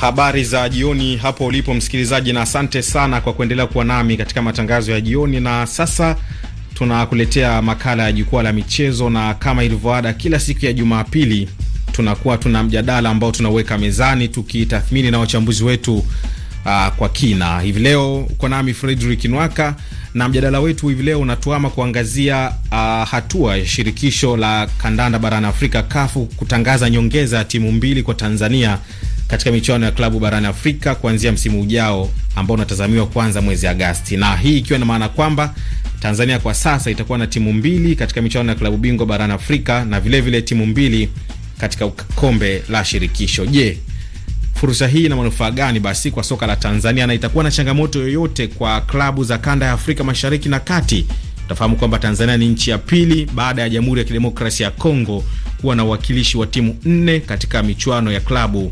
Habari za jioni hapo ulipo msikilizaji, na asante sana kwa kuendelea kuwa nami katika matangazo ya jioni. Na sasa tunakuletea makala ya jukwaa la michezo, na kama ilivyoada kila siku ya Jumapili tunakuwa tuna mjadala ambao tunaweka mezani tukitathmini na wachambuzi wetu uh, kwa kina. Hivi leo uko nami Fredrick Nwaka na mjadala wetu hivi leo unatuama kuangazia uh, hatua ya shirikisho la kandanda barani Afrika kafu kutangaza nyongeza ya timu mbili kwa Tanzania katika michuano ya klabu barani Afrika kuanzia msimu ujao ambao unatazamiwa kuanza mwezi Agasti, na hii ikiwa na maana kwamba Tanzania kwa sasa itakuwa na timu mbili katika michuano ya klabu bingwa barani Afrika na vilevile vile timu mbili katika kombe la shirikisho. Je, fursa hii ina manufaa gani basi kwa soka la Tanzania na itakuwa na changamoto yoyote kwa klabu za kanda ya Afrika Mashariki na Kati? Tafahamu kwamba Tanzania ni nchi ya pili baada ya Jamhuri ya Kidemokrasia ya Kongo kuwa na uwakilishi wa timu nne katika michuano ya klabu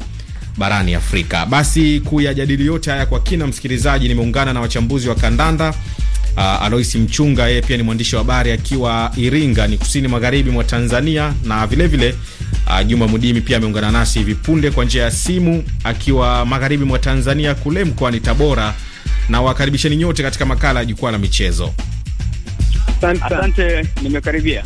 barani Afrika. Basi kuyajadili yote haya kwa kina, msikilizaji, nimeungana na wachambuzi wa kandanda Uh, Alois Mchunga yeye pia ni mwandishi wa habari akiwa Iringa, ni kusini magharibi mwa Tanzania, na vilevile vile, uh, Juma Mudimi pia ameungana nasi hivi punde kwa njia ya simu akiwa magharibi mwa Tanzania kule mkoani Tabora, na wakaribisheni nyote katika makala ya jukwaa la michezo. Asante, asante, nimekaribia.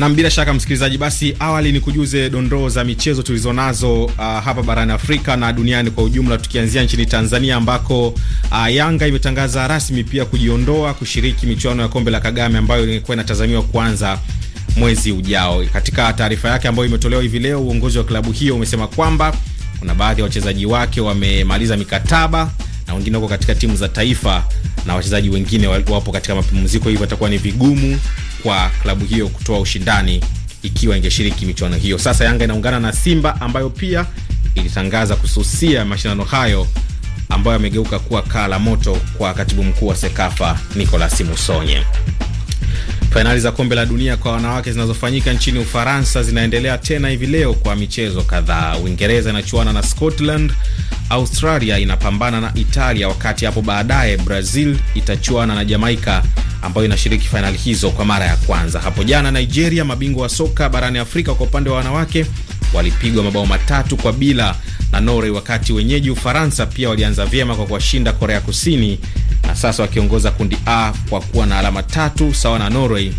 Na bila shaka msikilizaji, basi awali ni kujuze dondoo za michezo tulizonazo uh, hapa barani Afrika na duniani kwa ujumla, tukianzia nchini Tanzania ambako uh, Yanga imetangaza rasmi pia kujiondoa kushiriki michuano ya kombe la Kagame ambayo ilikuwa inatazamiwa kuanza mwezi ujao. Katika taarifa yake ambayo imetolewa hivi leo, uongozi wa klabu hiyo umesema kwamba kuna baadhi ya wachezaji wake wamemaliza mikataba na wengine wako katika timu za taifa na wachezaji wengine wapo katika mapumziko, hivyo watakuwa ni vigumu kwa klabu hiyo kutoa ushindani ikiwa ingeshiriki michuano hiyo. Sasa Yanga inaungana na Simba ambayo pia ilitangaza kususia mashindano hayo ambayo yamegeuka kuwa kaa la moto kwa katibu mkuu wa Sekafa Nicolas Musonye. Fainali za kombe la dunia kwa wanawake zinazofanyika nchini Ufaransa zinaendelea tena hivi leo kwa michezo kadhaa. Uingereza inachuana na Scotland, Australia inapambana na Italia, wakati hapo baadaye Brazil itachuana na Jamaika ambayo inashiriki fainali hizo kwa mara ya kwanza. Hapo jana Nigeria, mabingwa wa soka barani Afrika kwa upande wa wanawake, walipigwa mabao matatu kwa bila na Norway, wakati wenyeji Ufaransa pia walianza vyema kwa kuwashinda Korea Kusini na sasa wakiongoza kundi A kwa kuwa na alama tatu sawa na Norway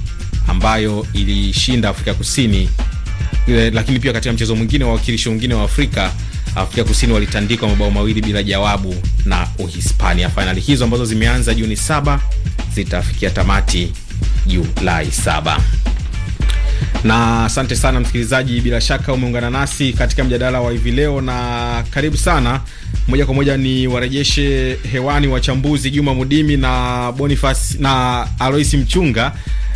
ambayo ilishinda Afrika Kusini. Eh, lakini pia katika mchezo mwingine, wakilishi wengine wa Afrika Afrika Kusini walitandikwa mabao mawili bila jawabu na Uhispania. Fainali hizo ambazo zimeanza Juni saba zitafikia tamati Julai 7. Na asante sana msikilizaji, bila shaka umeungana nasi katika mjadala wa hivi leo, na karibu sana. Moja kwa moja ni warejeshe hewani wachambuzi Juma Mudimi na Boniface na alois Mchunga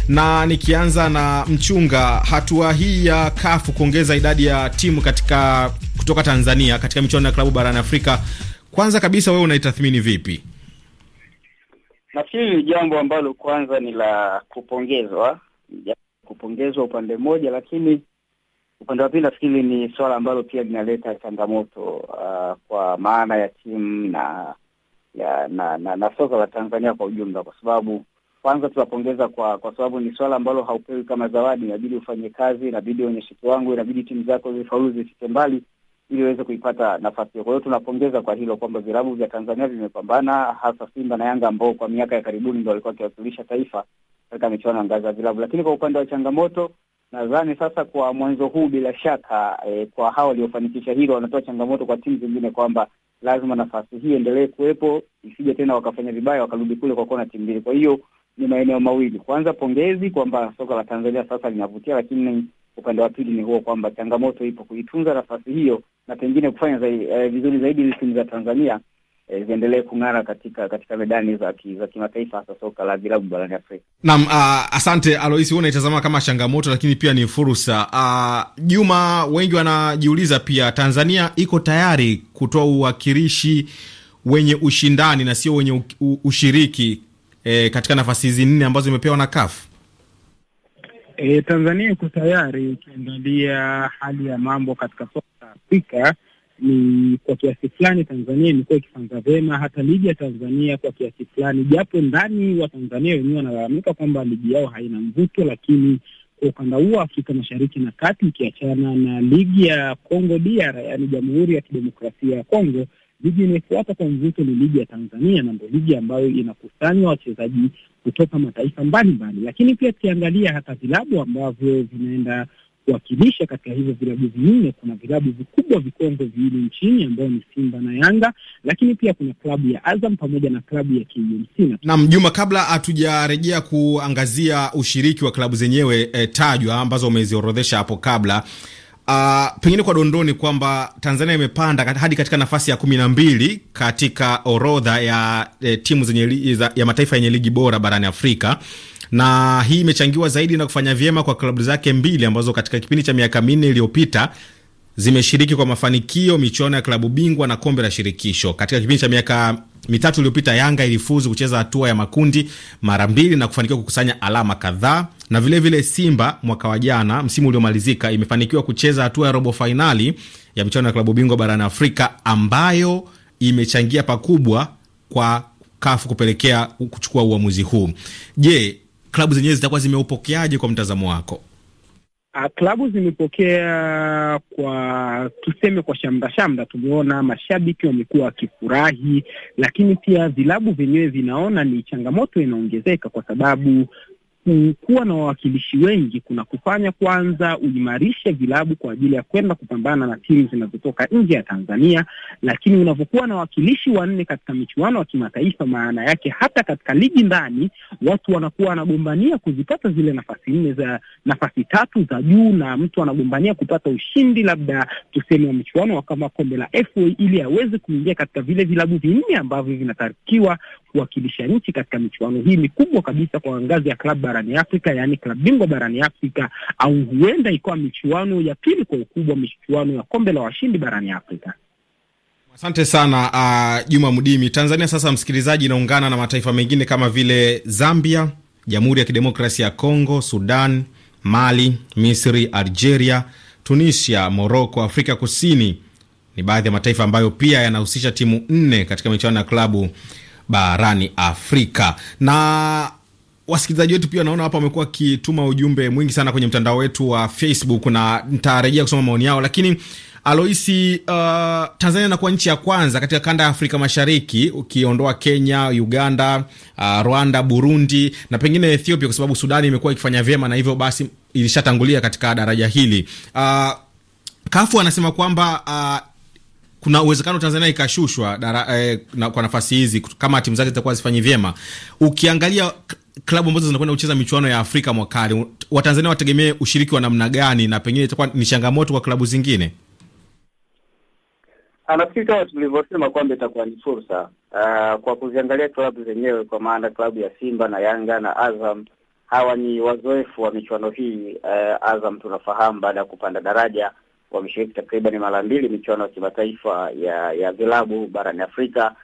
na nikianza na Mchunga, hatua hii ya kafu kuongeza idadi ya timu katika kutoka Tanzania katika michuano ya klabu barani Afrika, kwanza kabisa wewe unaitathmini vipi? Nafikiri ni jambo ambalo kwanza ni la kupongezwa, kupongezwa upande mmoja, lakini upande wa pili nafikiri ni suala ambalo pia linaleta changamoto uh, kwa maana ya timu na ya, na, na, na soka la Tanzania kwa ujumla, kwa sababu kwanza tunapongeza kwa kwa sababu ni swala ambalo haupewi kama zawadi, inabidi ufanye kazi, inabidi uonyeshe kiwango, inabidi timu zako zifaulu zifike mbali, ili waweze kuipata nafasi hiyo. Kwa hiyo tunapongeza kwa hilo kwamba vilabu vya Tanzania vimepambana, hasa Simba na Yanga ambao kwa miaka ya karibuni ndo walikuwa wakiwasilisha taifa katika michuano ya ngazi ya vilabu. Lakini kwa upande wa changamoto, nadhani sasa kwa mwanzo huu, bila shaka eh, kwa hao waliofanikisha hilo, wanatoa changamoto kwa timu zingine kwamba lazima nafasi hii endelee kuwepo, isije tena wakafanya vibaya wakarudi kule kwa kuona timu mbili. Kwa hiyo ni maeneo mawili, kwanza pongezi kwamba soka la Tanzania sasa linavutia, lakini Upande wa pili ni huo kwamba changamoto ipo kuitunza nafasi hiyo na pengine kufanya zaidi, eh, vizuri zaidi ili timu za Tanzania eh, ziendelee kung'ara katika katika medani za za kimataifa hasa soka la vilabu barani Afrika. Naam, uh, asante Aloisi, wewe unaitazama kama changamoto lakini pia ni fursa. Uh, Juma, wengi wanajiuliza pia Tanzania iko tayari kutoa uwakilishi wenye ushindani na sio wenye u, u, ushiriki eh, katika nafasi hizi nne ambazo imepewa na kafu E, Tanzania iko tayari. Ukiangalia hali ya mambo katika soka la Afrika ni kwa kiasi fulani Tanzania imekuwa ikifanya vyema, hata ligi ya Tanzania kwa kiasi fulani, japo ndani wa Tanzania wenyewe wanalalamika kwamba ligi yao haina mvuto, lakini kwa ukanda huo Afrika Mashariki na Kati, ikiachana na ligi ya Kongo DR, yaani Jamhuri ya Kidemokrasia ya Kongo Ligi inayofuata kwa mvuto ni ligi ya Tanzania na ndo ligi ambayo inakusanywa wachezaji kutoka mataifa mbalimbali, lakini pia tukiangalia hata vilabu ambavyo vinaenda kuwakilisha katika hivyo vilabu vinne, kuna vilabu vikubwa vikongwe viwili nchini ambayo ni Simba na Yanga, lakini pia kuna klabu ya Azam pamoja na klabu ya KMC. nam Juma, kabla hatujarejea kuangazia ushiriki wa klabu zenyewe eh, tajwa ambazo umeziorodhesha hapo kabla Uh, pengine kwa dondoni kwamba Tanzania imepanda hadi katika nafasi ya kumi na mbili katika orodha ya e, timu zenye ya mataifa yenye ligi bora barani Afrika na hii imechangiwa zaidi na kufanya vyema kwa klabu zake mbili ambazo katika kipindi cha miaka minne iliyopita zimeshiriki kwa mafanikio michuano ya klabu bingwa na kombe la shirikisho. Katika kipindi cha miaka mitatu iliyopita, Yanga ilifuzu kucheza hatua ya makundi mara mbili na kufanikiwa kukusanya alama kadhaa, na vilevile vile Simba mwaka wa jana, msimu uliomalizika, imefanikiwa kucheza hatua ya robo fainali ya michuano ya klabu bingwa barani Afrika ambayo imechangia pakubwa kwa kafu kupelekea kuchukua uamuzi huu. Je, klabu zenyewe zitakuwa zimeupokeaje kwa mtazamo wako? Ah, klabu zimepokea kwa tuseme, kwa shamra shamra. Tumeona mashabiki wamekuwa wakifurahi, lakini pia vilabu vyenyewe vinaona ni changamoto inaongezeka, kwa sababu kuwa na wawakilishi wengi kuna kufanya kwanza uimarishe vilabu kwa ajili ya kwenda kupambana na timu zinazotoka nje ya Tanzania, lakini unavyokuwa na wawakilishi wanne katika michuano ya kimataifa, maana yake hata katika ligi ndani watu wanakuwa wanagombania kuzipata zile nafasi nne za nafasi tatu za juu, na mtu anagombania kupata ushindi labda tuseme wa michuano kama kombe la FA ili aweze kuingia katika vile vilabu vinne ambavyo vinatarikiwa kuwakilisha nchi katika michuano hii mikubwa kabisa kwa ngazi ya klabu barani Afrika, yaani klabu bingwa barani Afrika, au huenda ikawa michuano ya pili kwa ukubwa, michuano ya kombe la washindi barani Afrika. Asante sana uh, Juma Mdimi. Tanzania sasa, msikilizaji, inaungana na mataifa mengine kama vile Zambia, Jamhuri ya Kidemokrasia ya Kongo, Sudan, Mali, Misri, Algeria, Tunisia, Moroko, Afrika Kusini ni baadhi ya mataifa ambayo pia yanahusisha timu nne katika michuano ya klabu barani Afrika na wasikilizaji wetu pia naona hapa wamekuwa wakituma ujumbe mwingi sana kwenye mtandao wetu wa Facebook na nitarejea kusoma maoni yao, lakini Aloisi, uh, Tanzania inakuwa nchi ya kwanza katika kanda ya Afrika Mashariki ukiondoa Kenya, Uganda, uh, Rwanda, Burundi na pengine Ethiopia, kwa sababu Sudani imekuwa ikifanya vyema na hivyo basi ilishatangulia katika daraja hili. Uh, Kafu anasema kwamba uh, kuna uwezekano Tanzania ikashushwa dara, eh, na, kwa nafasi hizi kama timu zake zitakuwa zifanyi vyema. Ukiangalia klabu ambazo zinakwenda kucheza michuano ya Afrika mwakani, Watanzania wategemee ushiriki wa namna gani, na pengine itakuwa ni changamoto kwa klabu zingine? Ah, nafikiri kama tulivyosema kwamba itakuwa ni fursa uh, kwa kuziangalia klabu zenyewe, kwa maana klabu ya Simba na Yanga na Azam hawa ni wazoefu wa michuano hii. Uh, Azam tunafahamu baada ya kupanda daraja wameshiriki takriban mara mbili michuano ya kimataifa ya ya vilabu barani Afrika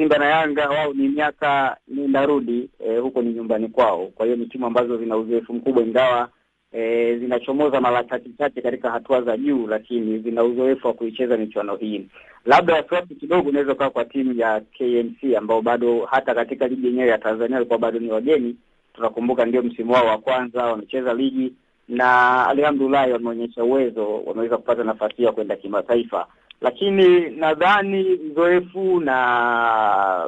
Simba na Yanga wao ni miaka nenda rudi, e, eh, huko ni nyumbani kwao. Kwa hiyo ni timu ambazo zina uzoefu mkubwa, ingawa e, zinachomoza mara chache chache katika hatua za juu, lakini zina uzoefu wa kuicheza michuano hii. Labda wasiwasi kidogo unaweza ukawa kwa timu ya KMC ambao bado hata katika ligi yenyewe ya Tanzania walikuwa bado ni wageni. Tunakumbuka ndio msimu wao wa kwanza wamecheza ligi na alhamdulahi wameonyesha uwezo, wameweza kupata nafasi ya kwenda kimataifa lakini nadhani uzoefu na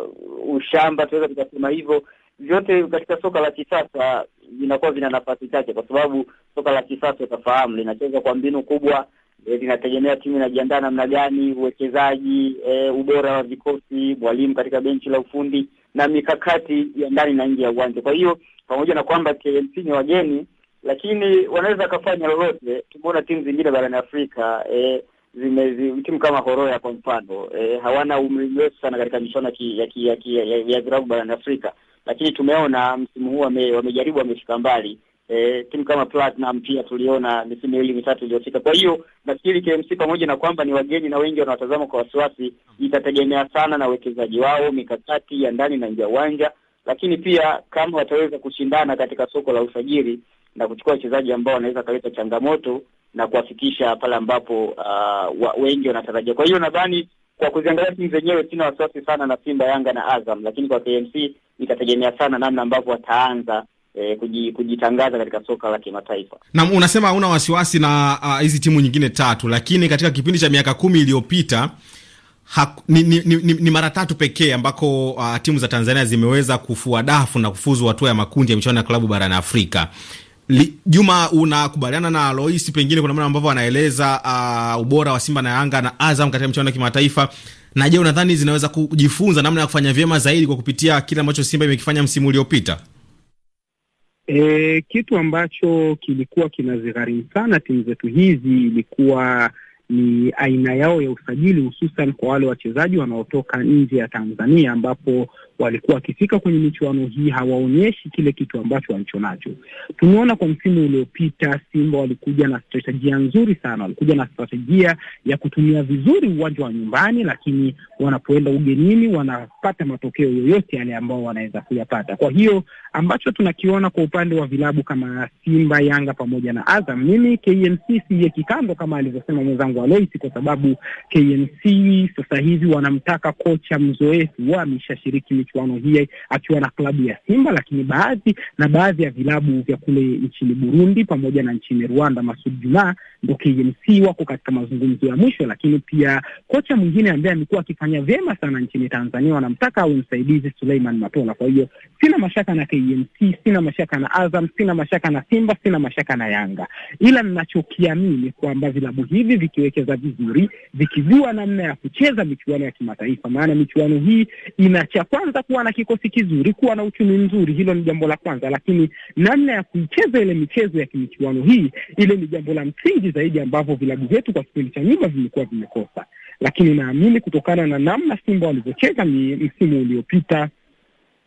ushamba, tunaweza tukasema hivyo, vyote katika soka la kisasa vinakuwa vina nafasi chache, kwa sababu soka la kisasa utafahamu linacheza kwa mbinu kubwa, eh, linategemea timu inajiandaa namna gani, uwekezaji e, ubora wa vikosi, mwalimu katika benchi la ufundi na mikakati ya ndani na nje ya uwanja. Kwa hiyo pamoja na kwamba KMC ni wageni, lakini wanaweza wakafanya lolote. Tumeona timu zingine barani Afrika e, timu kama Horoya kwa mfano e, hawana umri mrefu sana katika michuano ya ya ya virabu barani Afrika, lakini tumeona msimu huu wame, wamejaribu wamefika mbali. E, timu kama Platinum pia tuliona misimu miwili mitatu iliyofika. Kwa hiyo nafikiri KMC pamoja na kwamba ni wageni na wengi wanawatazama kwa wasiwasi, itategemea sana na uwekezaji wao, mikakati ya ndani na nje ya uwanja, lakini pia kama wataweza kushindana katika soko la usajili na kuchukua wachezaji ambao wanaweza kaleta changamoto na kuwafikisha pale ambapo uh, wengi wanatarajia. Kwa hiyo nadhani kwa kuziangalia timu zenyewe sina wasiwasi sana na Simba, Yanga na Azam, lakini kwa KMC nitategemea sana namna ambavyo wataanza eh, kuji, kujitangaza katika soka la kimataifa. Na unasema hauna wasiwasi na uh, hizi uh, timu nyingine tatu, lakini katika kipindi cha miaka kumi iliyopita ni, ni, ni, ni mara tatu pekee ambako uh, timu za Tanzania zimeweza kufua dafu na kufuzu hatua ya makundi ya michuano ya klabu barani Afrika. Li, Juma, unakubaliana na Lois, pengine kuna namna ambavyo anaeleza uh, ubora wa Simba na Yanga na Azam katika mchuano wa kimataifa, na je, unadhani zinaweza kujifunza namna ya kufanya vyema zaidi kwa kupitia kile ambacho Simba imekifanya msimu uliopita? E, kitu ambacho kilikuwa kinazigharimu sana timu zetu hizi ilikuwa ni aina yao ya usajili, hususan kwa wale wachezaji wanaotoka nje ya Tanzania, ambapo walikuwa wakifika kwenye michuano hii hawaonyeshi kile kitu ambacho walicho nacho. Tumeona kwa msimu uliopita Simba walikuja na strategia nzuri sana, walikuja na strategia ya kutumia vizuri uwanja wa nyumbani, lakini wanapoenda ugenini wanapata matokeo yoyote yale ambao wanaweza kuyapata. Kwa hiyo ambacho tunakiona kwa upande wa vilabu kama Simba, Yanga pamoja na Azam, mimi KMC siye kikando kama alivyosema mwenzangu Aloisi, kwa sababu KMC sasa hivi wanamtaka kocha mzoefu, wameshashiriki michuano hii akiwa na klabu ya Simba, lakini baadhi na baadhi ya vilabu vya kule nchini Burundi pamoja na nchini Rwanda. Masud Juma ndo KMC wako katika mazungumzo ya mwisho, lakini pia kocha mwingine ambaye amekuwa akifanya vyema sana nchini Tanzania wanamtaka awe msaidizi Suleiman Matola. Kwa hiyo sina mashaka na KMC, sina mashaka na Azam, sina mashaka na Simba, sina mashaka na Yanga, ila ninachokiamini kwamba vilabu hivi vikiwekeza vizuri, vikijua namna ya kucheza michuano ya kimataifa, maana michuano hii ina cha kwanza kwanza kuwa na kikosi kizuri, kuwa na uchumi mzuri, hilo ni jambo la kwanza, lakini namna ya kuicheza ile michezo ya kimichuano hii, ile ni jambo la msingi zaidi, ambavyo vilabu vyetu kwa kipindi cha nyuma vimekuwa vimekosa. Lakini naamini kutokana na namna Simba walivyocheza msimu uliopita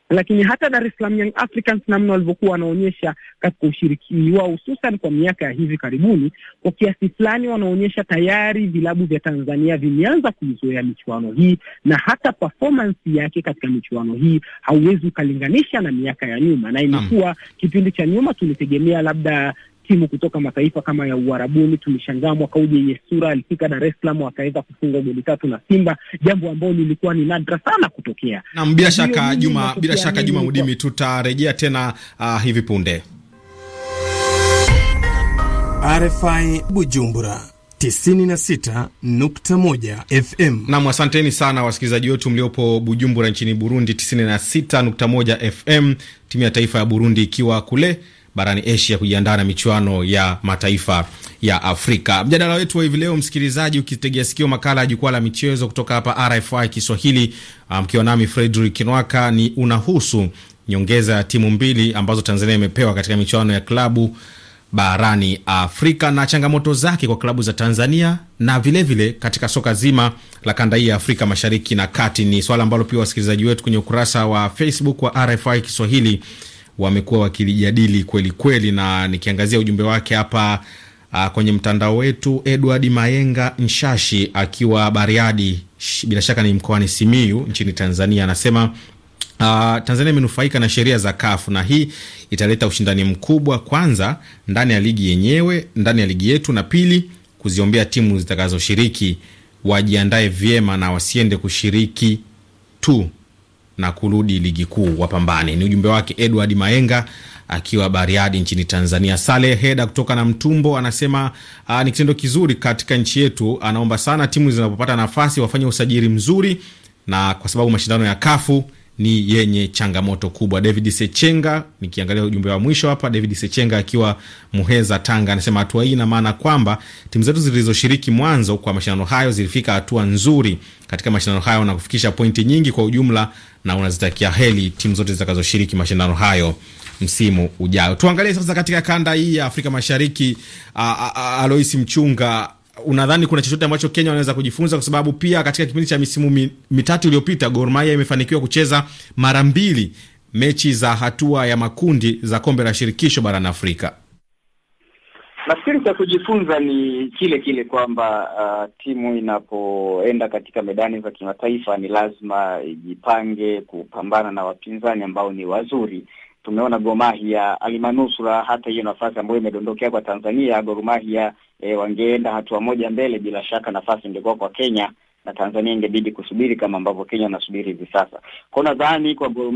lakini hata Dar es Salaam Young Africans namna walivyokuwa wanaonyesha katika ushiriki wao hususan kwa miaka ya hivi karibuni, kwa kiasi fulani wanaonyesha tayari vilabu vya Tanzania vimeanza kuizoea michuano hii, na hata performance yake katika michuano hii hauwezi ukalinganisha na miaka ya nyuma, na imekuwa kipindi cha nyuma tulitegemea labda timu kutoka mataifa kama ya Uarabuni. Tulishangaa mwaka huu yenye sura alifika Dar es Salaam akaweza kufunga goli tatu na Simba, jambo ambalo lilikuwa ni nadra sana kutokea. Naam, bila shaka Juma, bila shaka Juma Mudimi, tutarejea tena uh, hivi punde. RFI Bujumbura 96.1 FM. Nam, asanteni sana wasikilizaji wetu mliopo Bujumbura nchini Burundi 96.1 FM, timu ya taifa ya Burundi ikiwa kule barani Asia kujiandaa na michuano ya mataifa ya Afrika. Mjadala wetu wa hivi leo, msikilizaji, ukitegea sikio makala ya jukwaa la michezo kutoka hapa RFI Kiswahili, ah, mkiwa um, nami Fredrik Kinwaka, ni unahusu nyongeza ya timu mbili ambazo Tanzania imepewa katika michuano ya klabu barani Afrika na changamoto zake kwa klabu za Tanzania na vilevile vile katika soka zima la kanda hii ya Afrika Mashariki na Kati. Ni swala ambalo pia wasikilizaji wetu kwenye ukurasa wa Facebook wa RFI Kiswahili wamekuwa wakilijadili kweli kweli, na nikiangazia ujumbe wake hapa ah, kwenye mtandao wetu, Edward Mayenga Nshashi akiwa Bariadi, bila shaka ni mkoani Simiyu nchini Tanzania, anasema Uh, Tanzania imenufaika na sheria za kafu na hii italeta ushindani mkubwa, kwanza ndani ya ligi yenyewe, ndani ya ligi yetu, na pili kuziombea timu zitakazoshiriki wajiandae vyema na wasiende kushiriki tu na kurudi ligi kuu wapambane. Ni ujumbe wake Edward Maenga akiwa Bariadi nchini Tanzania. Saleh Heda kutoka na Mtumbo anasema uh, ni kitendo kizuri katika nchi yetu. Anaomba sana timu zinapopata nafasi wafanye usajili mzuri, na kwa sababu mashindano ya Kafu ni yenye changamoto kubwa. David Sechenga, nikiangalia ujumbe wa mwisho hapa, David Sechenga akiwa Muheza, Tanga, anasema hatua hii ina maana kwamba timu zetu zilizoshiriki mwanzo kwa mashindano hayo zilifika hatua nzuri katika mashindano hayo na kufikisha pointi nyingi kwa ujumla, na unazitakia heli timu zote zitakazoshiriki mashindano hayo msimu ujao. Tuangalie sasa katika kanda hii ya Afrika Mashariki. Aloisi Mchunga unadhani kuna chochote ambacho Kenya wanaweza kujifunza, kwa sababu pia katika kipindi cha misimu mitatu iliyopita Gor Mahia imefanikiwa kucheza mara mbili mechi za hatua ya makundi za kombe la shirikisho barani Afrika. Nafikiri cha kujifunza ni kile kile kwamba uh, timu inapoenda katika medani za kimataifa ni lazima ijipange kupambana na wapinzani ambao ni wazuri tumeona gomahia alimanusura hata hiyo nafasi ambayo imedondokea kwa Tanzania. gorumahia e, eh, wangeenda hatua moja mbele, bila shaka nafasi ingekuwa kwa Kenya na Tanzania ingebidi kusubiri kama ambavyo Kenya wanasubiri hivi sasa. Kwa nadhani kwa Gor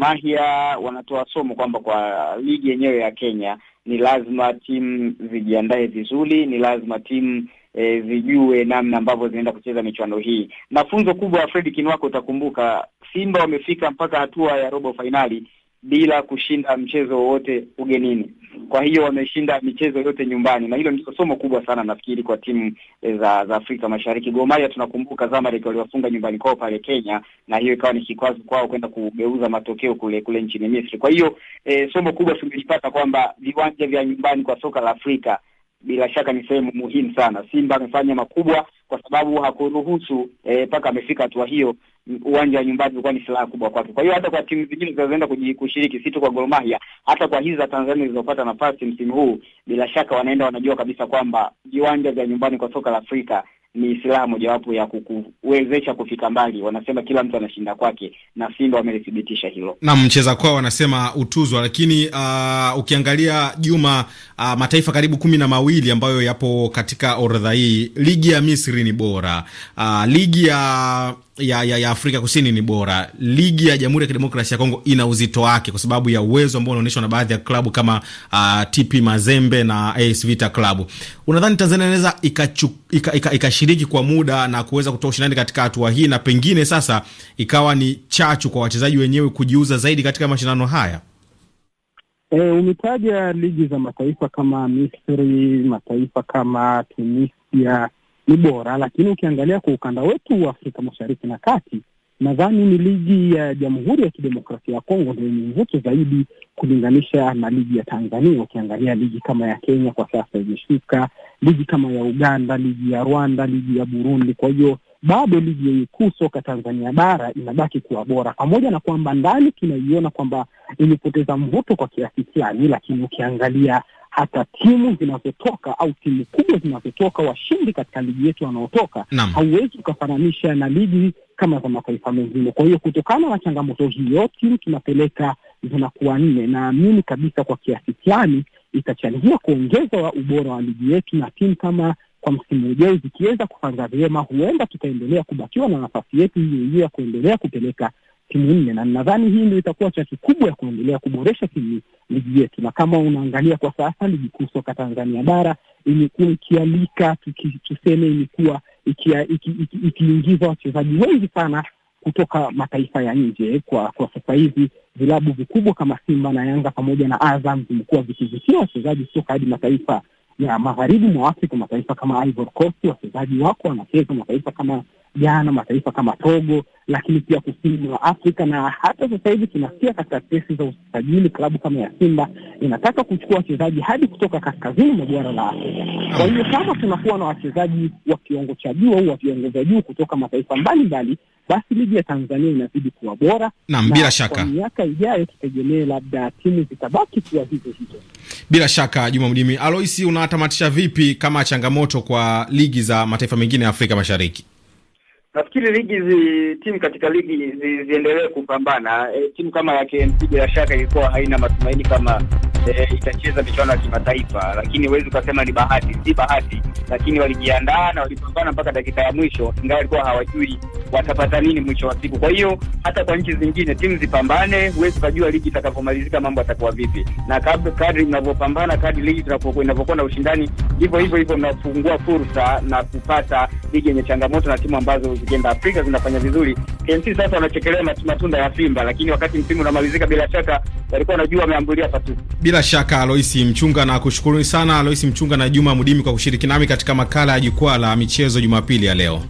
wanatoa somo kwamba kwa ligi yenyewe ya Kenya ni lazima timu zijiandae vizuri, ni lazima timu e, zijue namna ambavyo zinaenda kucheza michuano hii. Mafunzo kubwa ya Fred Kinwako, utakumbuka Simba wamefika mpaka hatua ya robo fainali bila kushinda mchezo wowote ugenini. Kwa hiyo wameshinda michezo yote nyumbani, na hilo ndio somo kubwa sana nafikiri kwa timu eh, za za Afrika Mashariki. Gor Mahia tunakumbuka Zamalek waliwafunga nyumbani kwao pale Kenya, na hiyo ikawa ni kikwazo kwao kwenda kugeuza matokeo kule kule nchini Misri. Kwa hiyo e, somo kubwa tumelipata kwamba viwanja vya nyumbani kwa soka la Afrika bila shaka ni sehemu muhimu sana. Simba amefanya makubwa kwa sababu hakuruhusu eh, mpaka eh, amefika hatua hiyo. Uwanja wa nyumbani ulikuwa ni silaha kubwa kwake. Kwa hiyo hata kwa timu zingine zinazoenda kushiriki, si tu kwa Gor Mahia, hata kwa hizi za Tanzania zilizopata nafasi msimu huu, bila shaka wanaenda wanajua kabisa kwamba viwanja vya nyumbani kwa soka la Afrika ni silaha mojawapo ya kukuwezesha kufika mbali. Wanasema kila mtu anashinda kwake, na Simba wamelithibitisha hilo na mcheza kwao, wanasema utuzwa. Lakini uh, ukiangalia Juma, uh, mataifa karibu kumi na mawili ambayo yapo katika orodha hii, ligi ya Misri ni bora, uh, ligi ya ya, ya, ya Afrika Kusini ni bora. Ligi ya Jamhuri ya Kidemokrasia ya Kongo ina uzito wake kwa sababu ya uwezo ambao unaonyeshwa na baadhi ya klabu kama uh, ah, TP Mazembe na AS Vita klabu. Unadhani Tanzania inaweza ikashiriki ika, ika kwa muda na kuweza kutoa ushindani katika hatua hii, na pengine sasa ikawa ni chachu kwa wachezaji wenyewe kujiuza zaidi katika mashindano haya? E, umetaja ligi za mataifa kama Misri, mataifa kama Tunisia ni bora, lakini ukiangalia kwa ukanda wetu wa Afrika Mashariki na Kati, nadhani ni ligi ya Jamhuri ya Kidemokrasia ya Kongo ndio yenye mvuto zaidi kulinganisha na ligi ya Tanzania. Ukiangalia ligi kama ya Kenya kwa sasa imeshuka, ligi kama ya Uganda, ligi ya Rwanda, ligi ya Burundi, kwa hiyo bado ligi kuu soka Tanzania bara inabaki kuwa bora, pamoja na kwamba ndani tunaiona kwamba ilipoteza mvuto kwa kiasi fulani, lakini ukiangalia hata timu zinazotoka au timu kubwa zinazotoka, washindi katika ligi yetu wanaotoka, hauwezi ukafananisha na ligi kama za mataifa mengine. Kwa hiyo kutokana na changamoto hiyo, timu tunapeleka zinakuwa nne. Naamini kabisa kwa kiasi fulani itachangia kuongeza ubora wa ligi yetu na timu kama kwa msimu ujao zikiweza kupanga vyema, huenda tutaendelea kubakiwa na nafasi yetu hiyo hiyo ya kuendelea kupeleka timu nne, na nadhani hii ndio itakuwa chachu kubwa ya kuendelea kuboresha timu ligi yetu. Na kama unaangalia kwa sasa ligi kuu soka Tanzania bara imekuwa ikialika, tuseme, imekuwa ikiingiza iki, iki, iki wachezaji wengi sana kutoka mataifa ya nje. Kwa kwa sasa hivi vilabu vikubwa kama Simba na Yanga pamoja na Azam vimekuwa vikivutia wachezaji kutoka hadi mataifa ya magharibi mwa Afrika, mataifa kama Ivory Coast, wachezaji wako wanacheza mataifa kama jana mataifa kama Togo, lakini pia kusini mwa Afrika. Na hata sasa hivi tunasikia katika kesi za usajili, klabu kama ya Simba inataka kuchukua wachezaji hadi kutoka kaskazini mwa bara la Afrika. Kwa hiyo kama tunakuwa na wachezaji wa kiwango cha juu au wa viwango vya juu kutoka mataifa mbalimbali, basi ligi ya Tanzania inazidi kuwa bora, na bila shaka miaka ijayo tutegemee labda timu zitabaki kuwa hizo hizo. Bila shaka, Juma Mdimi. Aloisi, unatamatisha vipi kama changamoto kwa ligi za mataifa mengine ya Afrika Mashariki? Nafikiri ligi zi, timu katika ligi zi, ziendelee kupambana. E, timu kama ya KMC bila shaka ilikuwa haina matumaini kama e, itacheza michuano ya kimataifa, lakini huwezi ukasema ni bahati. Si bahati, lakini walijiandaa na walipambana mpaka dakika ya mwisho, ingawa walikuwa hawajui watapata nini mwisho wa siku. Kwa hiyo hata kwa nchi zingine timu zipambane, huwezi ukajua ligi itakapomalizika mambo yatakuwa vipi, na kabla kadri mnavyopambana, kadri ligi inavyokuwa na ushindani, hivyo hivyo hivyo mnafungua fursa na kupata ligi yenye changamoto na timu ambazo zikienda Afrika zinafanya vizuri. KMC sasa wanachekelea matunda ya Simba, lakini wakati msimu unamalizika, bila shaka walikuwa wanajua wameambulia patu. Bila shaka, Aloisi Mchunga na kushukuru sana Aloisi Mchunga na Juma Mudimi kwa kushiriki nami katika makala ya jukwaa la michezo Jumapili ya leo.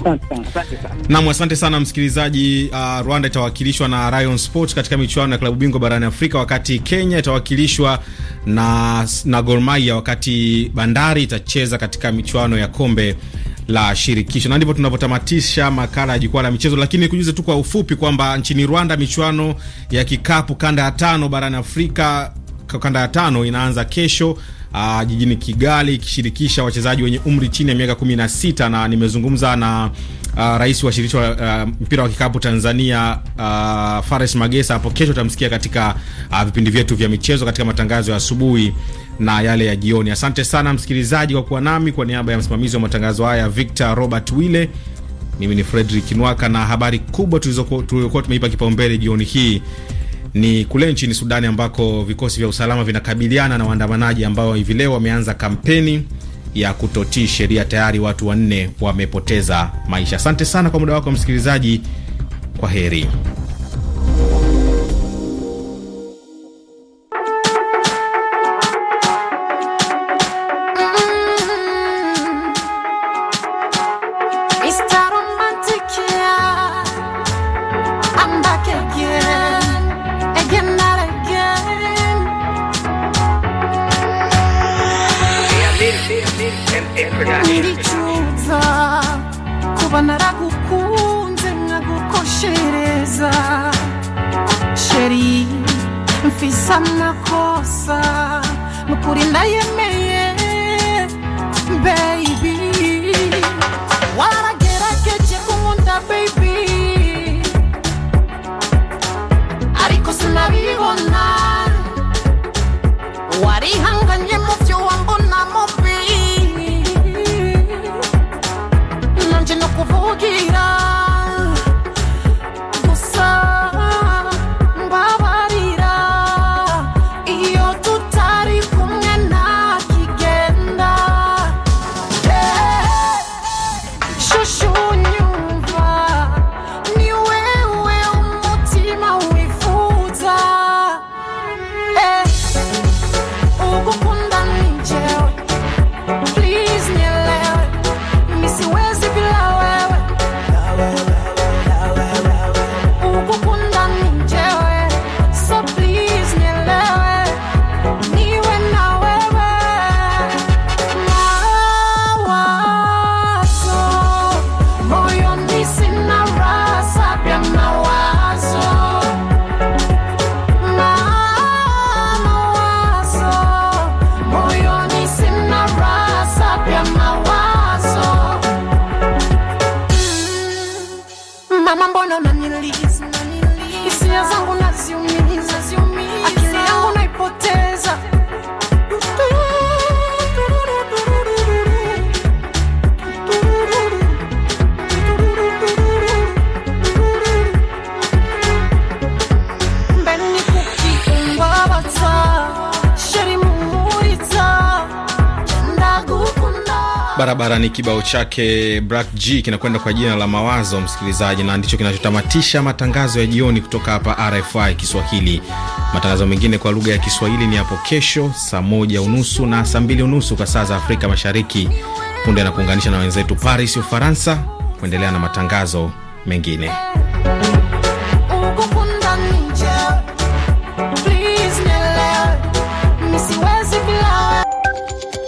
Asante sana, sana. asante sana msikilizaji. Uh, Rwanda itawakilishwa na Rayon Sport katika michuano ya klabu bingwa barani Afrika, wakati Kenya itawakilishwa na, na Gor Mahia, wakati Bandari itacheza katika michuano ya kombe la shirikisho, na ndivyo tunavyotamatisha makala ya jukwaa la michezo, lakini kujuze tu kwa ufupi kwamba nchini Rwanda michuano ya kikapu kanda ya tano barani Afrika, kanda ya tano inaanza kesho Uh, jijini Kigali ikishirikisha wachezaji wenye umri chini ya miaka 16 na nimezungumza na uh, rais wa shirikisho uh, mpira wa kikapu Tanzania uh, Fares Magesa. Hapo kesho utamsikia katika uh, vipindi vyetu vya michezo katika matangazo ya asubuhi na yale ya jioni. Asante sana msikilizaji kwa kuwa nami. Kwa niaba ya msimamizi wa matangazo haya Victor Robert Wille, mimi ni Fredrik Nwaka, na habari kubwa tuliyokuwa tumeipa kipaumbele jioni hii ni kule nchini Sudani ambako vikosi vya usalama vinakabiliana na waandamanaji ambao hivi leo wameanza kampeni ya kutotii sheria. Tayari watu wanne wamepoteza maisha. Asante sana kwa muda wako msikilizaji, kwa heri. kibao chake Black G kinakwenda kwa jina la Mawazo, msikilizaji, na ndicho kinachotamatisha matangazo ya jioni kutoka hapa RFI Kiswahili. Matangazo mengine kwa lugha ya Kiswahili ni hapo kesho saa moja unusu na saa mbili unusu kwa saa za Afrika Mashariki. Punde na kuunganisha na wenzetu Paris, Ufaransa, kuendelea na matangazo mengine.